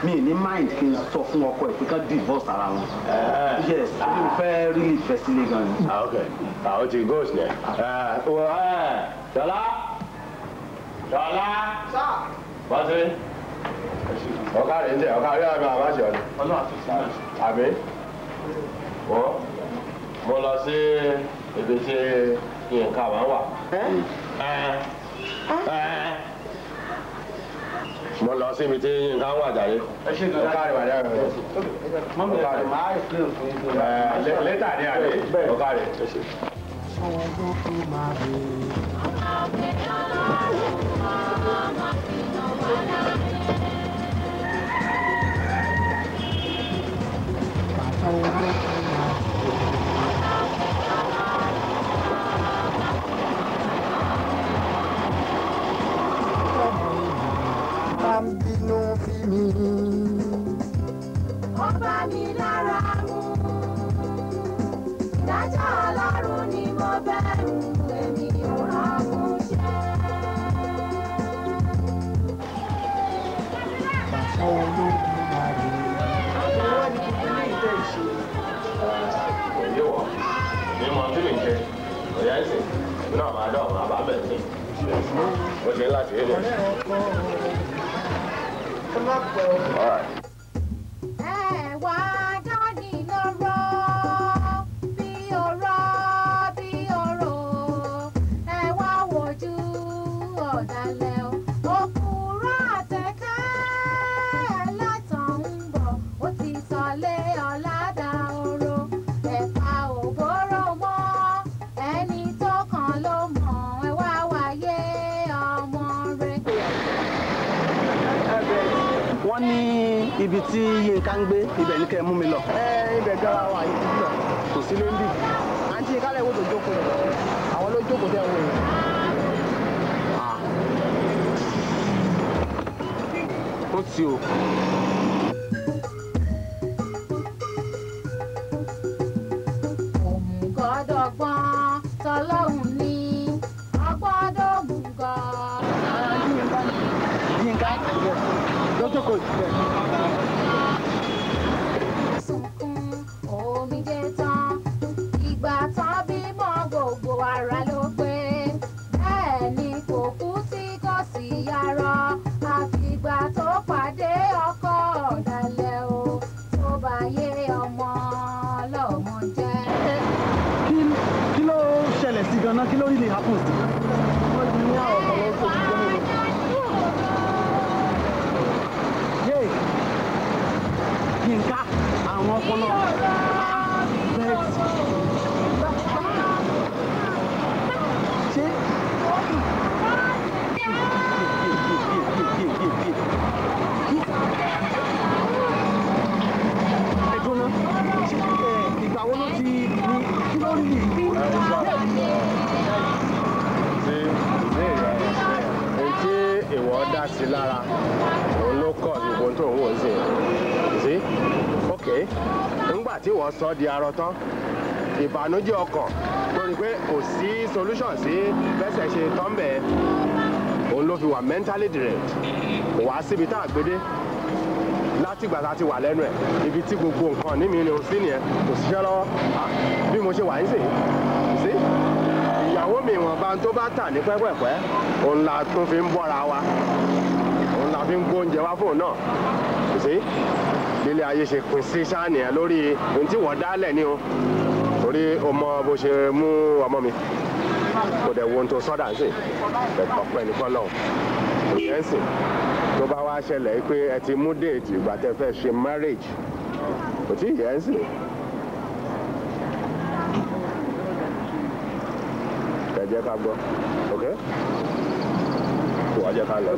mi ní mind kí n sọ fún ọkọ ẹ pé kán divorce ara wọn ah. yes mo ah. fẹ́ rí lè fẹ́ sílé gan ni. ok àwọn ti ghost yẹn Ṣọlá Ṣọlá bọ́sẹ̀ ọ̀ká rẹ̀ ń tẹ̀ ọ̀ká rí àgbà àbáṣe ọ̀nà ọlọ́run àti ìsinmi àbí wọ́n mo lọ sí èdè ṣe nǹkan àbá wà. mo lọ síbi tí nǹkan wà jáde. ẹ ṣe nǹkan káàrí wà jáde. mọ́mí káàrí máa ń pè fún yín. lẹ́tà ni àlè ọ̀káàrí. Àwọn ọdún fún máa bèèrè. mi lára mu. Ìdájọ́ Ọlọ́run ni All right. why. tí Yínká ń gbé ibẹ̀ ní kẹ́ ẹ mú mi lọ. ẹ ibẹ̀ gara wa yìí ti bílẹ̀. kò sí lóńdì. àǹtí Yínká lẹ́wọ́ tó jókòó rẹ̀ àwọn ló jókòó tẹ̀ wọ̀ ah. ó ti o. sọ di arọ tán ìbànújẹ́ ọkàn lórí pé kò sí solution sí bẹ́sẹ̀ ṣe tọ́ḿbẹ̀ òun ló fi wà mentally drained kò wá síbi tá a gbédé látìgbà tá a ti wà lẹ́nu ẹ̀ ibi tí gbogbo nǹkan ní mi ni o sí nìyẹn kò síṣẹ́ lọ́wọ́ bí mo ṣe wà nísìn sí ìyàwó mi ìwọ̀nba tó bá tà ní pẹ́pẹ́pẹ́ òun la tún fi ń bọ́ra wa òun la fi ń gbóúnjẹ wá fóun náà sí bílẹ̀ ayé ṣe pín sí sáànì ẹ̀ lórí ohun tí wọ́n dálẹ̀ ni o torí o mọ bó ṣe mú ọmọ mi kò dẹ̀ wo ohun tó sọ́dà ń sìn ọ̀pẹ nìkan lọ kò yẹn sìn tó bá wá ṣẹlẹ̀ pé ẹ ti mú déètì ìgbà tẹ́ fẹ́ ṣe marriage kò tí yẹn sìn. ẹ jẹ́ ká gbọ́ ok? wàá jẹ́ ká lọ.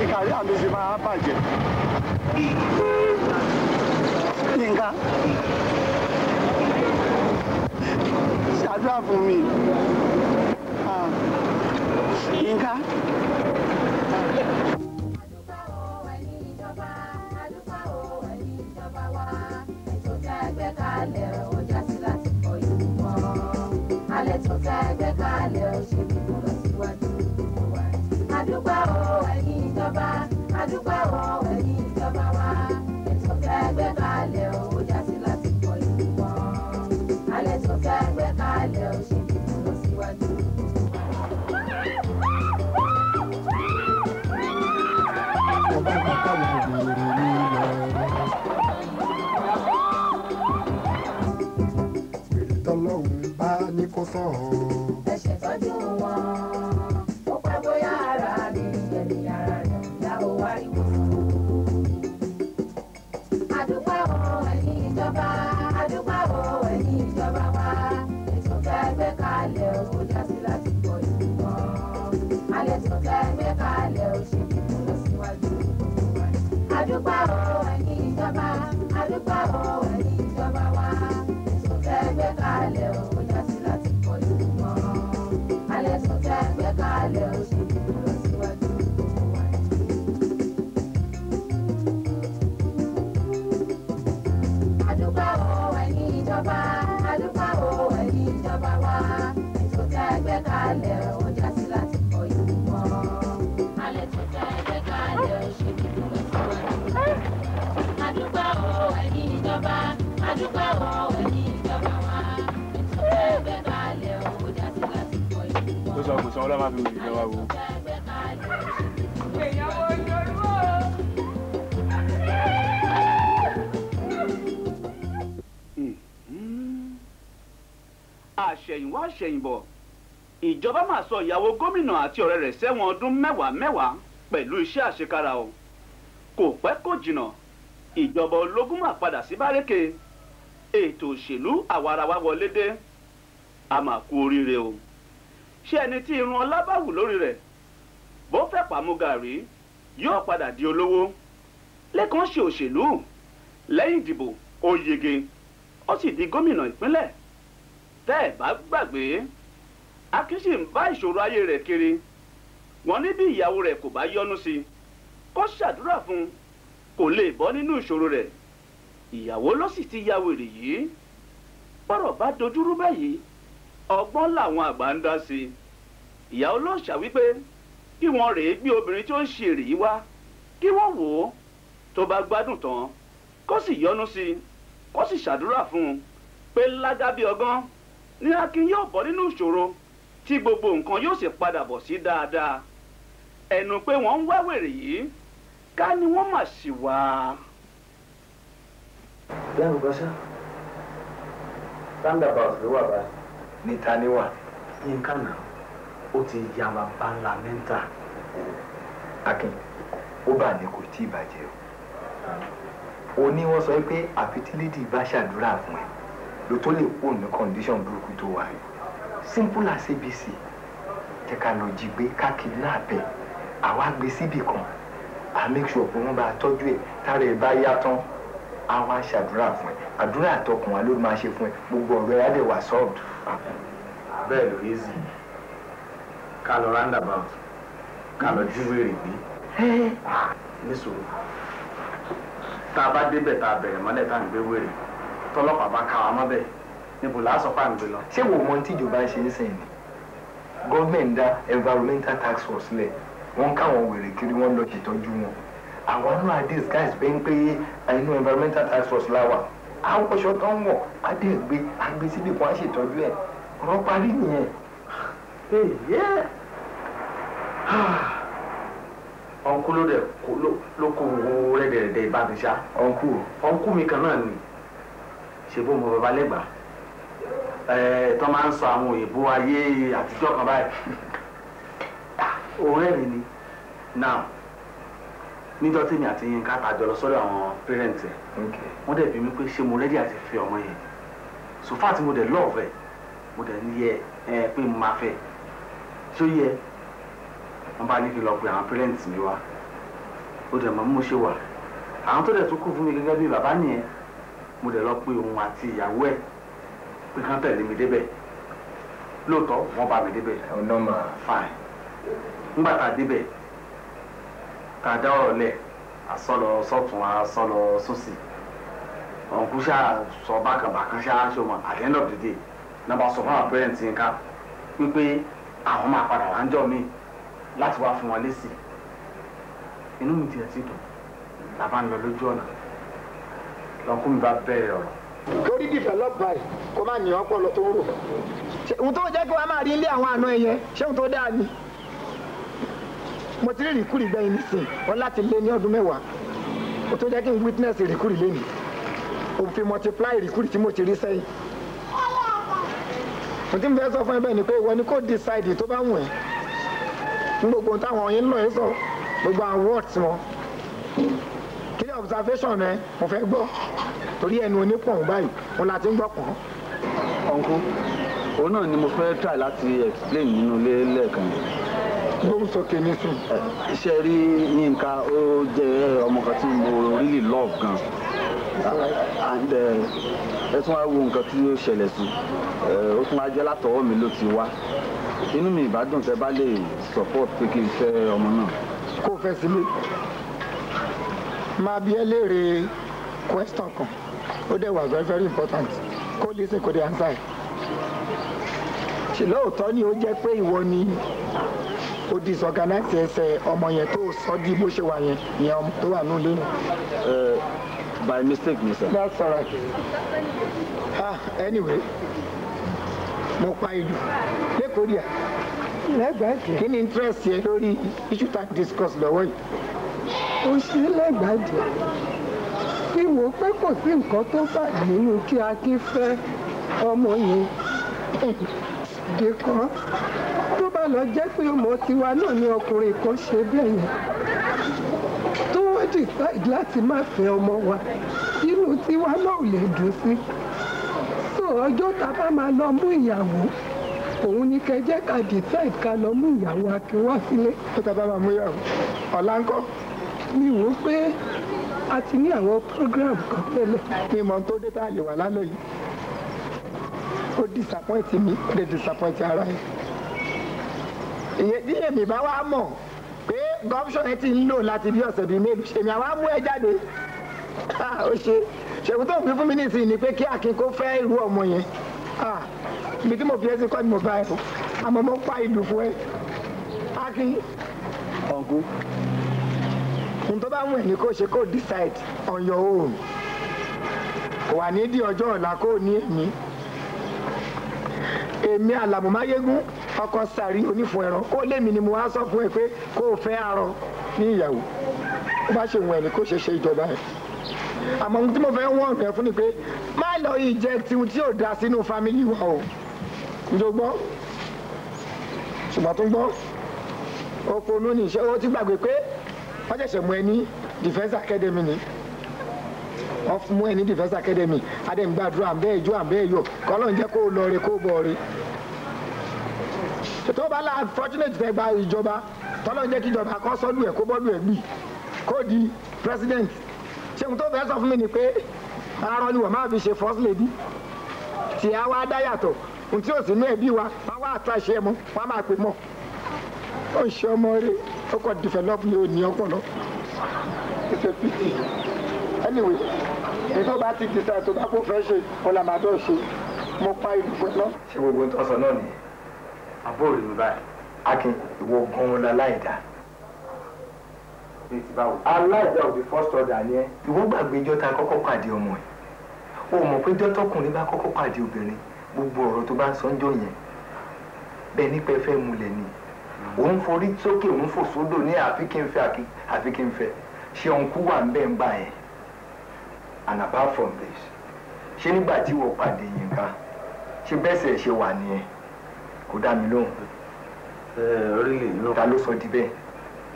ní kárí àmì ṣe máa bàjẹ́ yínká ṣàdúrà fún mi yínká. Oh. sọ ọlọ́run máa fi wèrè lọ́wọ́ wo. ìyàwó hmm. ìjọba. àṣẹ̀yìnwá àṣẹ̀yìnbọ̀ ìjọba máa sọ ìyàwó gómìnà àti ọ̀rẹ́ rẹ̀ sẹ́wọ̀n ọdún mẹ́wàá mẹ́wàá pẹ̀lú iṣẹ́ àṣekára o kò pẹ́ kò jìnnà ìjọba ológun máa padà sí bárẹ́kẹ̀ ètò òṣèlú àwarawa wọlé dé a máa kú oríire o ṣé ẹni tí irun ọlá bá wù lórí rẹ̀ bó fẹ́ pàmò gàrí yóò padà di olówó lẹ́kàn ṣe òṣèlú lẹ́yìn ìdìbò ó yege ó sì di gómìnà ìpínlẹ̀ tẹ́ ẹ̀ bá gbàgbé akin sì ń bá ìṣòro ayé rẹ̀ kiri wọ́n ní bí ìyàwó rẹ̀ kò bá yọ́nú sí kó ṣàdúrà fún un kò lè bọ́ nínú ìṣòro rẹ̀ ìyàwó ló sì ti ya yìí bọ́rọ̀ bá dojúrú báyìí ọgbọ́n làwọn àgbà ń dá sí i ìyá olóòṣà wípé kí wọ́n rèé gbé obìnrin tí ó ń ṣèrè yìí wá kí wọ́n wò ó tó bá gbádùn tán kó sì yọ́nú sí i kó sì ṣàdúrà fún un pé lágá bí ọgán ní akin yóò bọ́ nínú ìṣòro tí gbogbo nǹkan yóò sì padà bọ̀ sí dáadáa ẹnu pé wọ́n ń wá yìí ká ni wọ́n mà sì wá. lẹ́nu kan roundabout ló wà báyìí ní taniwa. yínká náà ó ti ya wa bánlá mẹ́ta. akin ó bà ní kò tí ì bàjẹ́ o. Ah. o ní wọ́n sọ pé àfitílédì bá ṣàdúrà fún ẹ ló tó lè kó ní kọ́ndíṣọ̀n burúkú tó wà. simple as abc jẹ́ ká lọ jí gbé ká kidnap ẹ̀ àwa gbé síbì kan à make sure pé wọ́n bá tọ́jú ẹ̀ tára ẹ̀ bá yá tán àwa ṣàdúrà fún ẹ àdúrà àtọkùn wa ló máa ṣe fún ẹ gbogbo ọ̀rọ̀ ẹ̀ wà solved bẹ́ẹ̀ ló easy ká lọ roundabout ká lọ jíwèrè gbé níṣòro tá a bá débẹ̀ tá a bẹ̀rẹ̀ mọ́lẹ̀ tá à ń gbé wèrè tọ́lọ́pàá bá ká wa mọ́bẹ̀ níbo là á sọ fáà ń gbé lọ. ṣé wo mọ tíjọba ṣe é sẹ́yìn ni gọ́ọ̀mẹ̀ntì dá environmental tax force lẹ̀ wọ́n káwọn wèrè kiri wọ́n lọ ṣètọ́jú wọn àwọn náà disguise bẹ́ẹ̀ pé inú environmental tax force láwà awọṣọ tó ń wọ̀ á dẹ̀ gbé àgbẹ̀ síbi kan á ṣètọ́jú ẹ̀ ọ̀rọ̀ parí nìyẹn. <sighs> ọ̀nkú ló dẹ̀ ló kó wo rẹ́dẹ̀rẹ́dẹ̀ ìbámiṣá. ọ̀nkú ọ̀nkú mi kan náà ni ṣèbó mo bàbá lẹ́gbàá tó máa ń sọ àwọn òyìnbó ayé àtijọ́ kan báyìí <laughs> ah, òun rẹ̀ mi ni now níjọ́ tèmi àti Yínká tàjọ lọ sọ́dọ̀ àwọn parent ẹ̀ wọ́n dẹ̀ bi mí pé ṣé mo ready àti fẹ́ ọmọ yẹn so far tí mo dẹ̀ love ẹ̀ mo dẹ̀ ní yẹ ẹ pé mo máa fẹ́ ṣó yẹ wọ́n bá ní kí n lọ pe àwọn parent mi wá ó dẹ̀ mọ̀ bí mo ṣe wà àwọn tó dẹ̀ tún kù fún mi gẹ́gẹ́ bí bàbá nìyẹn mo dẹ̀ lọ pe òun àti ìyàwó ẹ̀ pé kán tẹ̀lé mi débẹ̀ lóòótọ́ wọ́n bá mi débẹ̀. ọ̀nà máa. fine ngbàtà débẹ̀ ká dá ọ̀rọ̀ lẹ̀ asọ́lọ sọ́tún asọ́lọ sósì ònkú ṣáà sọ bákan bákan ṣáà ṣe mọ̀ at the end of the day náà bá sọ fún àwọn parents yín ká wípé àwọn máa padà wá ń jọ mí láti wá fún wọn lésì inú mi tiẹ̀ ti dùn làbá ń lọ lójú ọ̀nà lọ́kùn mi bá bẹ̀rẹ̀ ọ̀rọ̀. lórí develop by kó má ní ọpọlọ tó ń rò. ohun tó jẹ́ kí wọ́n máa rí ilé àwọn àna ẹ̀yẹ ṣé ohun tó dáa ni mo ti rí ìrìkúrì gbẹ̀yìn nísìn wọn láti lé ní ọdún mẹ́wàá o tó jẹ́ kí n witness ìrìkúrì lé mi òfin multiply ìrìkúrì tí mo ti rí sẹ́yìn mo ti ń fẹ́ sọ fún ẹ bẹ́ẹ̀ ni pé ìwọ ni kò decide tó bá wù ẹ́ ní gbogbo ohun táwọn yín lọ yín sọ gbogbo àwọn words wọn kí ni observation rẹ mo fẹ́ gbọ́ torí ẹnu onípọ̀n báyìí wọn la ti ń gbọ́ pọ̀n. ọ̀nkú òun náà ni mo fẹ́ try láti explain nínú ilé lẹ́ẹ̀kan gbóhùn sókè nísìn. iṣẹ́ rí Yínká ó jẹ́ ọmọ kan tí mo really love gan and eh, ẹ tún wá wo nǹkan tí ó ṣẹlẹ̀ sí eh, ó tún wá jẹ́ látọwọ́ mi ló ti wá inú mi ìbádùn tẹ bá lè support pé kí n fẹ́ ọmọ náà. kó o fẹ́ sílé máa bi ẹ́ léèrè question kan ó dẹ̀ wà very very important kó lè ṣe kó dé answer ẹ̀ ṣe lóòótọ́ ni ó jẹ́ pé ìwọ ni ó disorganize ẹsẹ̀ ọmọ yẹn tó sọ di bó ṣe wà yẹn ìyẹn tó wà ní ilé nù. by mistake ni sir. that's all right. ah anyway mo pa ìlú lẹ́kọ̀ọ́ díà lẹ́gbàdìẹ kí ni interest yẹ lórí issue tax discuss lọ́wọ́ yìí. o ṣe lẹ́gbàdìẹ kí wo pé kò sí nǹkan tó bà nínú kí a kí fẹ́ ọmọ yẹn dèkọ́ náà lọ jẹ́ pé ọmọ tiwa náà ni ọkùnrin kan ṣe bẹ́ẹ̀ yẹn tó wọ́n decide láti má fẹ́ ọmọ wa inú tiwa náà ò lè dùn sí so ọjọ́ tá bá máa lọ mú ìyàwó òun ni kẹ́ jẹ́ ká decide ká lọ mú ìyàwó akin wá sílé. ó tá bá máa mú ìyàwó ọ̀la mi wò ó pé a ti ní àwọn program kan tẹ́lẹ̀. mi mọ̀ tó dé tá a lè wà lálẹ́ yìí ó disappoint mi ó lè disappoint ara yìí ìyẹn tí èmi bá wá mọ̀ pé gọ́pṣọ̀n yẹn ti ń lò láti bí ọ̀sẹ̀ bíi mélòó èmi àwa mú ẹ jáde ó ṣe ṣègùn tó ń fi fún mi nísìnyí ni pé kí akin kó fẹ́ irú ọmọ yẹn ibi tí mo fi ẹsẹ̀ kọ́ ni mo bá ẹ fún àmọ́ mo pa ìlú fún ẹ akin. ọ̀gùn. ohun tó bá wù ẹ́ ni kó ṣe kó decide on your own wà ní di ọjọ́ ọ̀la kó ní èmi èmi àlàmúmáyégún ọkọ sàrí onífun ẹ̀rọ ó lémi ni mo wá sọ fún ẹ pé kó o fẹ́ arọ ní ìyàwó ó bá ṣe wọ̀n ẹni kó ṣe ṣe ìjọba ẹ̀ àmọ́ ohun tí mo fẹ́ wọ̀n ọ̀gá fún ni pé má lọ ìjẹ́ tiwọn tí ò da sínú fámìlì wa o njó gbọ́ ṣùgbọ́n tó ń gbọ́ òpònú ni ìṣe ó ti gbàgbé pé wọ́n ṣẹ̀ṣẹ̀ mú ẹ ní defence academy ni wọ́n mú ẹ ní defence academy adé bẹ́ẹ̀ jó àbẹ́ẹ̀ yọ jẹ́ kó o lọ re kó o bọ̀ re tó bá la unfortunate fẹ́ gba ìjọba tọ́lọ́run jẹ́ kí ìjọba kan sọ́dún ẹ̀ kó bọ́dún ẹ̀ gbì kó di president ṣéun tó fẹ́ sọ fún mi ni pé arọ ni wọ́n máa fi ṣe first lady tí a wá dá yàtọ̀ ohun tí ò sí inú ẹbí wa wọ́n wá àtúrà ṣe mọ́ wọ́n máa pè mọ́ ó ń ṣe ọmọ rẹ̀ ó kọ́ develop ní òní ọpọlọ pity anyway èyí tó bá ti decide tó bá kó fẹ́ ṣe ọ̀làmàdọ́ ṣe mo pa ìlú pẹ́ náà. ṣé gbogbo ń tọ́sọ náà nìyẹn àbúrò mi báyìí. akin ìwọ gan-an la láìda. bí ti báwo. aláìda ò di first order ni ẹ. ìwọ gbàgbé ijọ́ ta kọ́kọ́ pàdé ọmọ ẹ̀ o mọ̀ pé ijọ́ tọkùnrin bá kọ́kọ́ pàdé obìnrin gbogbo ọ̀rọ̀ tó bá ń sọ ń jọ yẹn bẹ́ẹ̀ nípa ẹ fẹ́ mulẹ̀ ni òun forí sókè òun fò sódò ní àfi kí n fẹ́ àfi kí n fẹ́ ṣé ọ̀nkú wà ń bẹ́ẹ̀ ń bá yẹn and apart from this ṣé nígbà tí wọ́n pàdé yín ká ṣe bẹ́sẹ̀ ṣe wà nìyẹn kò dá mi lóhùn. ẹ orílẹ̀ inú. ta ló sọ di bẹ́ẹ̀.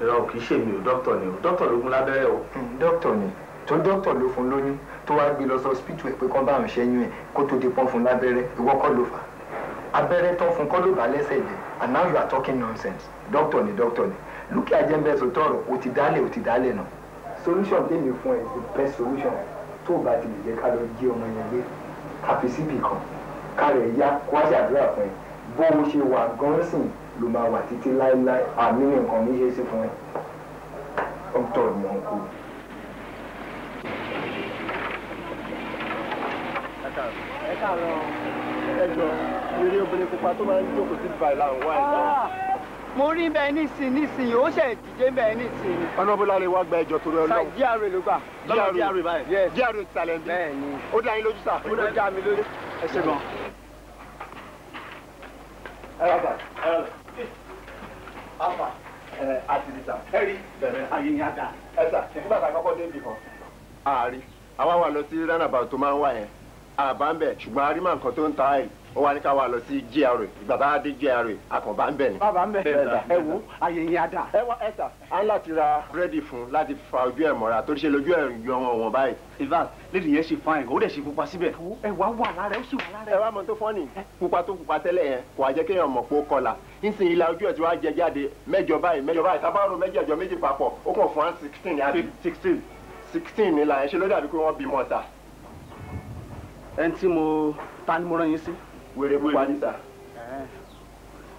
ìrọ̀ kì í ṣèmi o dókítà ni o dókítà ló gún lábẹ́rẹ́ o. Hmm, dókítà ni tó dókítà ló fún lóyún tó wá gbé lọ sọ hospital ẹ̀ pé kán bá ń ṣẹ́yún ẹ̀ kó tó di pọ́n fún lábẹ́rẹ́ ìwọ kọ́ ló fà á abẹ́rẹ́ tán fún kọ́ ló bá lẹ́sẹ̀ jẹ and now you are talking nonsense doctor ni doctor ni lókè ajẹ́mbẹ́sọ tọrọ o ti dálẹ̀ o ti dálẹ̀ náà. solution tèmi fún ẹ the best solution tó o bá ti lè jẹ́ ká lọ jí ọmọ yẹn gbé ká fi síbì kan ká rẹ̀ yá kó wá ṣàdúrà fún ẹ bó o ṣe wà gan sìn ló máa wà títí láéláé àmì nǹkan ní í ṣe sí fún ẹ ọ̀tọ̀ ni wọn kú. ẹ káàárọ̀ ẹ jọ eré obìnrin pupa tó máa ń jókòó sí ìbàlẹ̀ làwọn wá ẹ̀dá ah, mo rí bẹ nísìn nísìn ó ṣe dìde bẹ nísìn. ọ̀nà bó lálẹ́ wá gba ẹjọ́ torí ọlọ́run. sa gr ló gbà. gr báyìí gr ìsàlẹ̀ ń bí. bẹ́ẹ̀ ni ó dá yín lójú sá. ó dá mi lójú. ẹ ṣe gan ẹ̀rọ bá ẹ̀rọ lẹ̀ afa ẹ̀ àtìrìsà ẹ̀rí bẹ̀rẹ̀ àyìnyá dà ẹ̀sà nígbà tá a kọ́kọ́ dé ibì ààrí àwa wà lọ sí ránàbà tó máa ń wà yẹn àbá ń bẹ̀ ṣùgbọ́n a rí màá nǹkan tó ń ta ẹ̀ ó wá ní ká wá lọ sí GRA ìgbà tá a dé GRA akànbá ń bẹ̀ ni. bàbá ń bẹ̀ ẹ wo àyè yẹn á dà. ẹ wá ẹ sà á ń láti ra búrẹ́dì fún láti fa ojú ẹ̀ mọ́ra torí ṣe lójú ẹ̀ yọ wọn wọn báyìí. ivan lédi yẹn ṣe fine ó dẹ̀ ṣe pupa síbẹ̀. ẹ wá wà lára ó sì wà lára. ẹ wá mọ tó fọ́nì pupa tó pupa tẹ́lẹ̀ yẹn kò wá jẹ́ kéèyàn mọ̀ pé ó kọlà nísìnyí la ojú ẹ̀ tí wàá jẹ jáde mẹ́jọ báyìí mẹ́jọ báyìí tábàrún mẹ́jọ méjì papọ̀ ó kàn sixteen àti sixteen sixteen ni là ń ṣe ló dàbí pé wọ́n bímọ ta. ẹni tí mo ta ni mo wèrè pupa ní sà.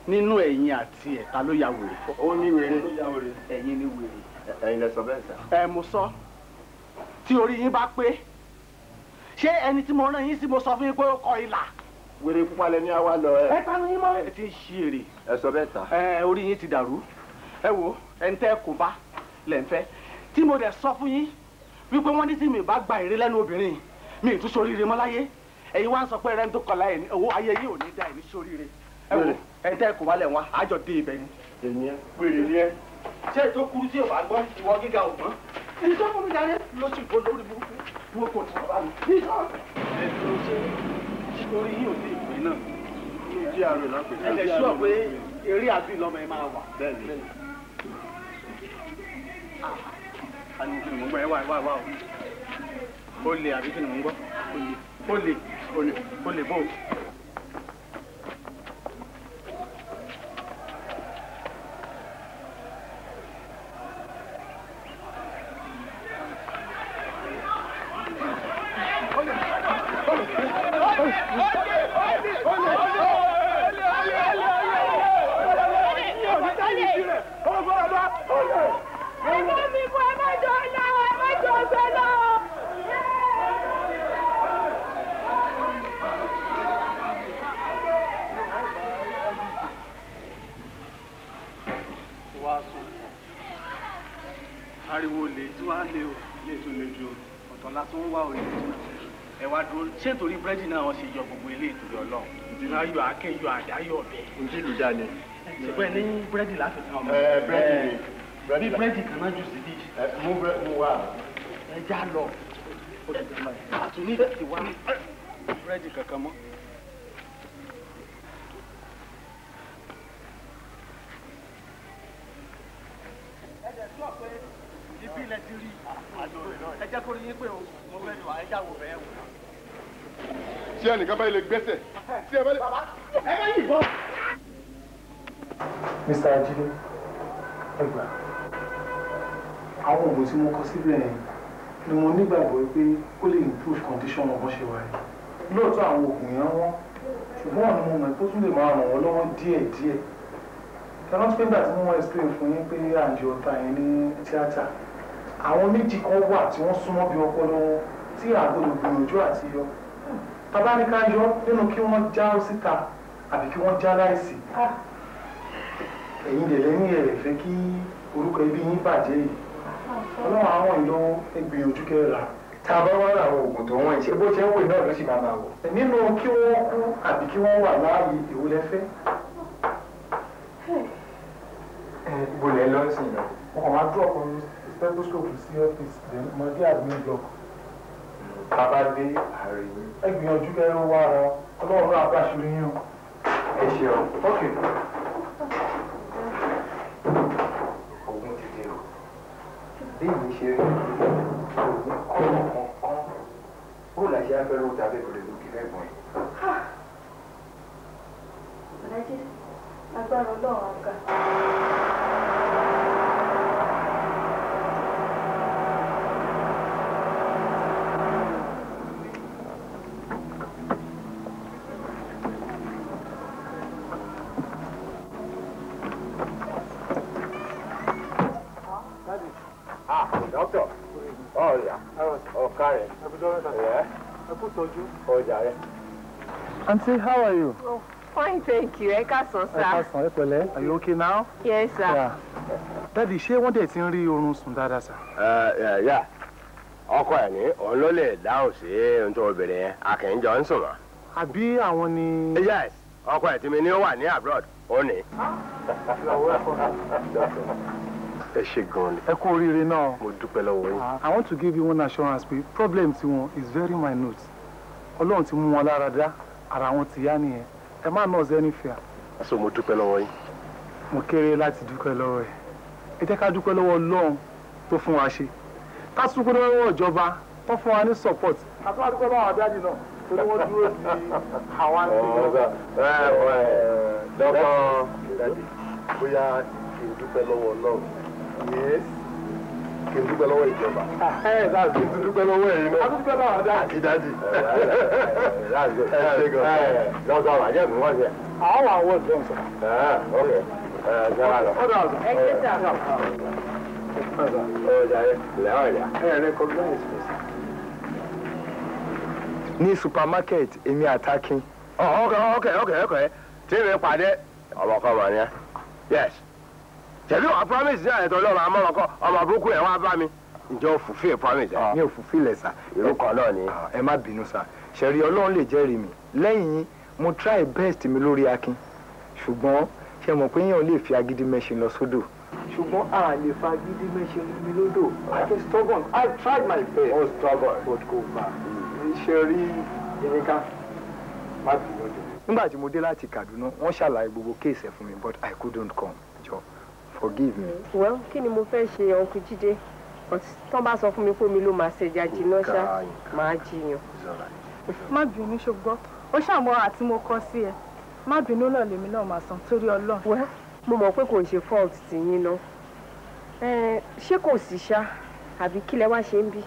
nínú ẹ̀yin àti ẹ̀ta ló ya wèrè. ó ní wèrè ẹ̀yin ní wèrè. ẹ̀yin lẹ sọ bẹ́ẹ̀ sà. ẹ mo sọ tí orí yín bá pé ṣé ẹni tí mo rán yín sí mo sọ fún yín pé ó kọ ìlà wèrè pupa lẹni àwa lọ ẹ. ẹ tanu yín mọ. ẹ ti ṣí èrè. ẹ sọ bẹ́ẹ̀ ta. ẹ orí yín ti dàrú ẹ wo ẹni tẹ kò bá lẹ ń fẹ́ tí mo dẹ sọ fún yín wípé wọ́n ní tí mi bá gba èrè obìnrin mi ì tún ṣoríire mọ́ láyé ẹ̀yin wá ń sọ pé rẹ́ńtò kọlá ẹ̀ owó ayé yìí ò ní da ẹ̀mí sóríire ẹ wò ẹ kò wálẹ̀ wá àjọ dé ibẹ̀ ni. èmi ẹ wèrè ni ẹ. ṣé ètò kúrú sí ìwà gbọ́ ìwọ gíga ò gbọ́n. ìjọ fún mi darí lóṣù tó lórí burúkú wọn kò tún bá mi. ìjọ ẹ yìí ò ní ìpè náà. ẹ lè sọ pé eré àbí lọmọ ẹ máa wà. bẹ́ẹ̀ni àni ah. kí ni mo gbọ́ ẹ wá wá wá o. ó le àbí kí ni mo gbọ́ olè olè olè bò. wá original ẹ wá dúró ṣé nítorí búrẹ́dì náà wọ́n ṣe yọ gbogbo ilé ìtòrí ọlọ́run ìdùnnú ayọ̀ akẹ́yọ̀ àdáyọ̀ ọ̀bẹ. ojú ìlú dání. ṣùgbọ́n ní búrẹ́dì láfẹ̀ẹ́ ọmọ. ẹ búrẹ́dì ni búrẹ́dì la. bí búrẹ́dì kan náà jù sí bí. ẹ mú búrẹ́dì mú wá. ẹ já lọ. àtúní ti wá búrẹ́dì kankan mọ́. Ah, ẹ jẹ́ kó rí yín pé o tí ẹnìkan bá yẹ lè gbẹ́sẹ̀ tí ẹ bá lè. ẹ bá yìnbọn. Mr. Ajide ẹ gbà àwọn oògùn tí mo kọ síbẹ̀ yẹn ni mo nígbàgbọ́ pé ó lè improve condition wọn ṣe wáyé lóòótọ́ àwọn oògùn yẹn wọ́n ṣùgbọ́n àwọn ọmọ ẹ̀ tó tún lè máa ràn wọ́n lọ́wọ́ díẹ̀ díẹ̀ kẹrán pé nígbà tí wọ́n explain fún yín pé àǹjẹ́ ọ̀tá yẹn ní tíátà àwọn méjì kan wà tí wọ́n súnmọ́ bí ọpọlọ wọn tí àgbọ̀dọ̀ gbìyànjú àti yọ tàbá ní ká yọ nínú kí wọ́n já ó síta àbí kí wọ́n já láìsí ah. ẹ̀yin dẹ̀ lẹ́yìn ẹ̀rẹ̀ fẹ́ kí orúkọ ibi yín bàjẹ́ yìí ah. ọlọ́run àwọn ìlú ẹgbìyànjú kẹrẹ́ra tá a bá wá ra àwọn oògùn tó wọ́n ṣe bó ṣe ń wò náà ló sì máa máa wò. nínú kí wọ́n kú àbí kí wọ́n wà láàyè èwo lẹ fẹ́. ìbò lẹ lọ sí i lọ. wọn kàn máa dúrọ̀ kan stethoscope sí ọ́fíìsì lẹ́nu mọ́gí admin bàbá dé ààrẹ ẹ gbìyànjú kẹ́ ló wá ọ ọlọ́run náà bá yín o. ẹ ṣeun. ok. ogun ti dé o bí èmi ṣe rí ogun kọ́ ọ̀kan bó la ṣe afẹ́rẹ́ ó tàbí ìbẹ̀rẹ̀ lókè lẹ́gbọ̀n yìí. ọ̀làjì agbára ọlọ́run àga. Dorota. Yeah. how are you? Oh, fine, thank you. Ẹ káàsán, sir. Ẹ káàsán, Are you okay now? Yes, sir. Yeah. Dádì, she wanted to see you on oorun sùn sir? Yà, yeah, yeah. ní òun ló lè dáhùn sí ohun tó obìnrin yẹn. Àkìnjọ ń I mọ́. Àbí àwọn ni. Yes, ọkọ ẹ̀ tí mi ní ó wà ní abroad, ó ní. Ah, ìyàwó ẹ̀kọ́ náà ẹ ṣe gan ni. ẹ kú oríire náà. mo dúpẹ́ lọ́wọ́ yín. Uh-huh. I want to give you one assurance pé problem tiwọn is very minute ọlọ́run ti mú wọn lára dá ara wọn ti yá nìyẹn ẹ má nọ́ọ̀sì ẹni fìyà. so mo dúpẹ́ lọ́wọ́ yín. mo kéré láti dúpẹ́ lọ́wọ́ ẹ̀ ẹ jẹ́ ká dúpẹ́ lọ́wọ́ ọlọ́run tó fún wa ṣe ká dúpẹ́ lọ́wọ́ ìjọba tó fún wa ní support. àtúwà dúpẹ́ lọ́wọ́ àdájì náà torí wọ́n dúró di àwa ní ìjọba. dọ́kọ̀ bóyá kì í dúpẹ́ lọ́wọ́ ọlọ́run kí n dúpẹ́ lọ́wọ́ ìjọba kí n dúpẹ́ lọ́wọ́ ẹ̀yin náà àti dájì ẹ ṣe gan lọ́sọ̀ àwọn àjẹ́ mi wọ́n ṣe. àwọn àwọn ọ̀sẹ̀ ń sọ. ok ẹ ṣe wà lọ. ọ̀dọ̀ ọ̀sẹ̀ ẹ ṣe tà. ọ̀dà ẹ lẹ́wọ̀n ìyá. ẹ rẹ kọ́gbọ́n ìṣẹ̀ṣẹ̀. ní supermarket èmi àtàkín. ọ̀hún ọ̀kẹ́ ọ̀kẹ́ ọ̀kẹ́ ọ̀kẹ́ tí mi pàdé ọmọkọ́ mọ̀ ni ẹ. yes tẹ̀lé wa promise náà ẹ̀tọ́ lọ́rọ̀ amọ́rọ̀kọ́ ọmọ burúkú ẹ̀ wá bá mi ǹjẹ́ o fulfill promise ẹ̀. mi ò fulfill ẹ̀ sà. irú kan náà ni. Ah, ẹ má bínú sà ṣẹ̀rí ọlọ́run lè jẹ́rìí mi lẹ́yìn mo try best mi lórí akin ṣùgbọ́n ṣe mọ̀ pé èèyàn lè fi agídí mẹ́ṣin lọ sódò. ṣùgbọ́n a lè fa agídí mẹ́ṣin mi lódò i was stubborn i tried my best. oh stubborn. but kò gbà ṣe rí yinka má bínú jù. nígbà tí mo dé láti Kaduna wọ́n ṣàlàyé gbogbo kéèsì ẹ̀ fún mi but i couldn't come forgive me. well kí ni mo fẹ́ ṣe ọkù jíde tán bá sọ fún mi pé omi ló máa ṣèjà jìnnà ṣá máa jiyàn. má bínú ṣùgbọ́n ó ṣàmọ́ àti mo kọ́ sí ẹ má bínú náà lèmi náà máa san torí ọlọ́run. well mo mọ̀ pé kò ń ṣe fault tìyín náà ṣé kò sí ṣá àbí kí lẹ wá ṣe ń bí.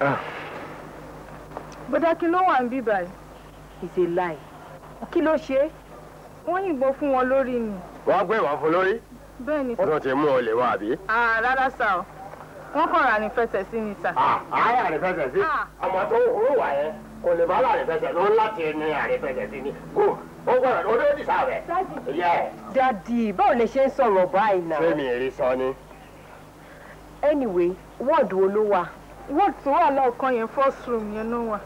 Ah. bọ́dákí ló wà ń bí báyìí. it's a lie kí ló ṣe wọ́n yìnbọn fún wọn lórí ni. wọ́n á gbé ìwà fún lórí bẹ́ẹ̀ni. ọdún ti mú ọ lè wá àbí. rárá sá o wọn kàn rà ní fẹsẹ̀ sí ni sá. àárẹ̀ àrífẹsẹ̀ sí. ọmọ tó ń wà yẹn kò lè bá àrífẹsẹ̀ lọ láti ní àrífẹsẹ̀ sí ni kò ó gbọ́dọ̀ lọ lórí ìsàlẹ̀. dadi báwo lè ṣe ń sọ̀rọ̀ báyìí náà. fẹ́mi èrè sọ ni. anyway wọ́ọ̀dù olówà. wọ́ọ̀dù tó wà lọ́ọ̀kan yẹn first room yẹn ló wà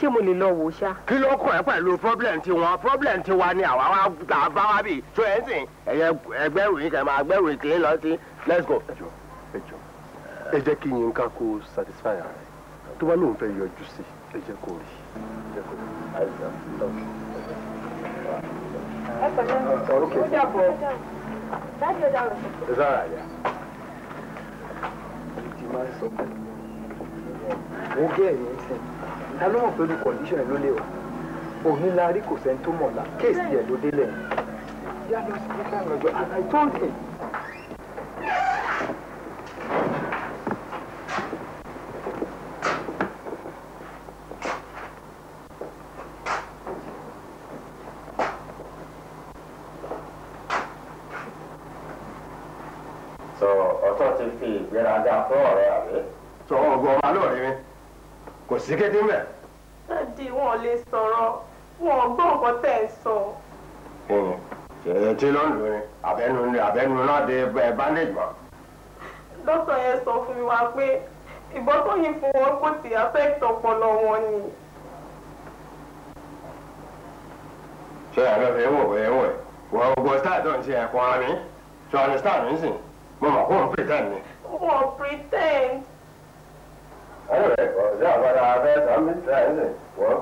ṣé mo lè lọ wò ó ṣá. kí ló kàn ẹ́ pẹ̀lú problem tiwọn problem tiwa ni àwa gbà bá wa bì tó ẹ̀ sìn ẹ̀yẹ ẹgbẹ́rù yìí kẹ́ máa gbẹ́rù ìkìlẹ̀ lọ sí let's go. ẹ jọ ẹ jọ ẹ jẹ́ kí yín ká kó satisfy ara rẹ̀ tó bá lóun fẹ́ yọjú sí ẹ jẹ́ kó rí. ẹ pẹ̀lú ó dàbọ̀ dájú ó dàbọ̀. ẹ sára yà ó gé ẹ̀yìn sẹ́yìn ta ló mọ̀ pẹ̀lú condition ẹ̀ ló lé wa òní la rí kò sẹ́ni tó mọ̀ la kéèsì ẹ̀ ló délẹ̀ yá lọ sí kíkà lọ́jọ́ and I told him. sọ ọtọ ti fi ìgbéraga fún ọ̀rẹ́ àbí. sọ ọgọ wa lóore mi kò sí kété mẹ́. dádì wọn lè sọ̀rọ̀ wọn gbọ́ nǹkan tẹ̀ ń sọ. ṣèyí tí ló ń lò ní abẹ́nu ní abẹ́nu náà dé bandage mọ́. dókítà yẹn sọ fún mi wá pé ìbọn tó yìn fún wọn kò sí affect ọpọlọ wọn ni. ṣé àlọ́ fi ń wò wẹ́ wẹ̀ wọ́n gbọ́ star tó ń ṣe ẹ̀kọ́ ara mi ṣọ́ ni mi sìn mo mọ̀ kó ń pretend ni. wọ́n pretend ẹnìwẹ̀ ọ̀dẹ́ àgbàdo abẹ́ sàmìtì ẹ̀sìn wọ́n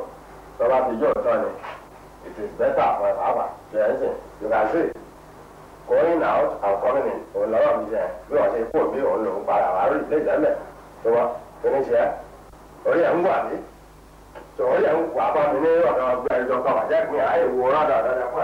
tọ́ba ti yọ̀ tán ni it is better for our ẹ̀sìn you can see going out and coming in òun lọ́wọ́ mi jẹ́ bí wọ́n ṣe kó bí òun lòún para wàá rí ilé ìjẹ́mẹ̀ tó wọ́n kí ni ṣe orí ẹ̀ ń wà ní tòun yẹ ń wà bá mi ní ọ̀dọ̀ ọgbẹ́ ìjọba wàjẹ́ mi àyè wo rádà ọ̀dọ̀ ẹ̀kọ́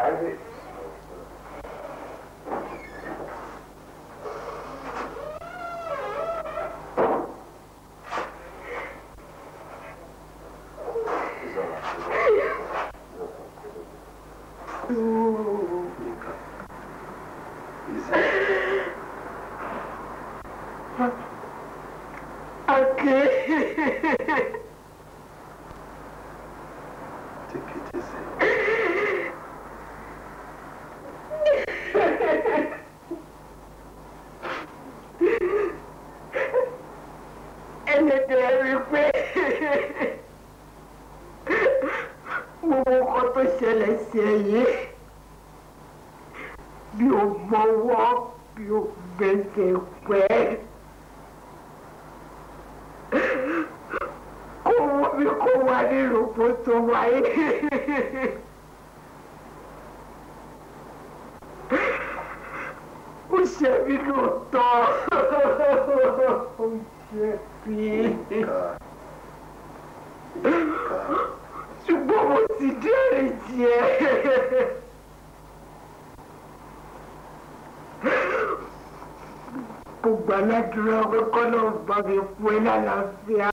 gbàládùúrà pé kọ́nà bá mi fún ẹ lálàáfíà.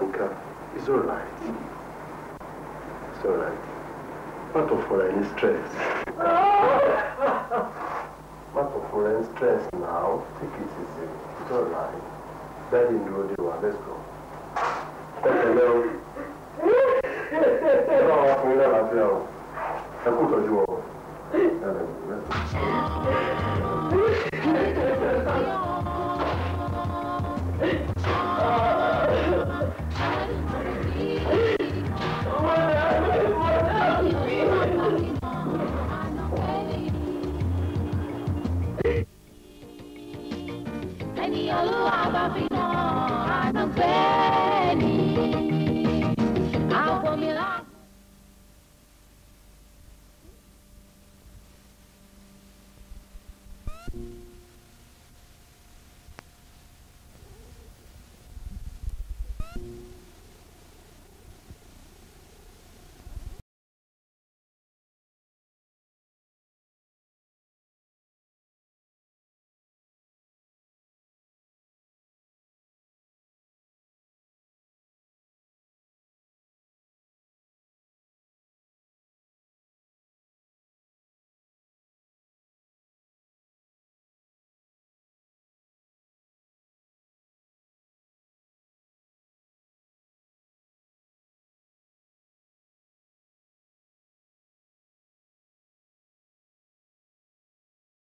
nǹkan it's all right it's all Not má tó fọra ẹni stress. Not tó fọra ẹni stress now take it easy it's all right dáàdi ń dúró dé let's go. pẹ̀lẹ́ o ẹ bá wa fún ilé àlàáfíà o ẹ kú tọ́jú ọ.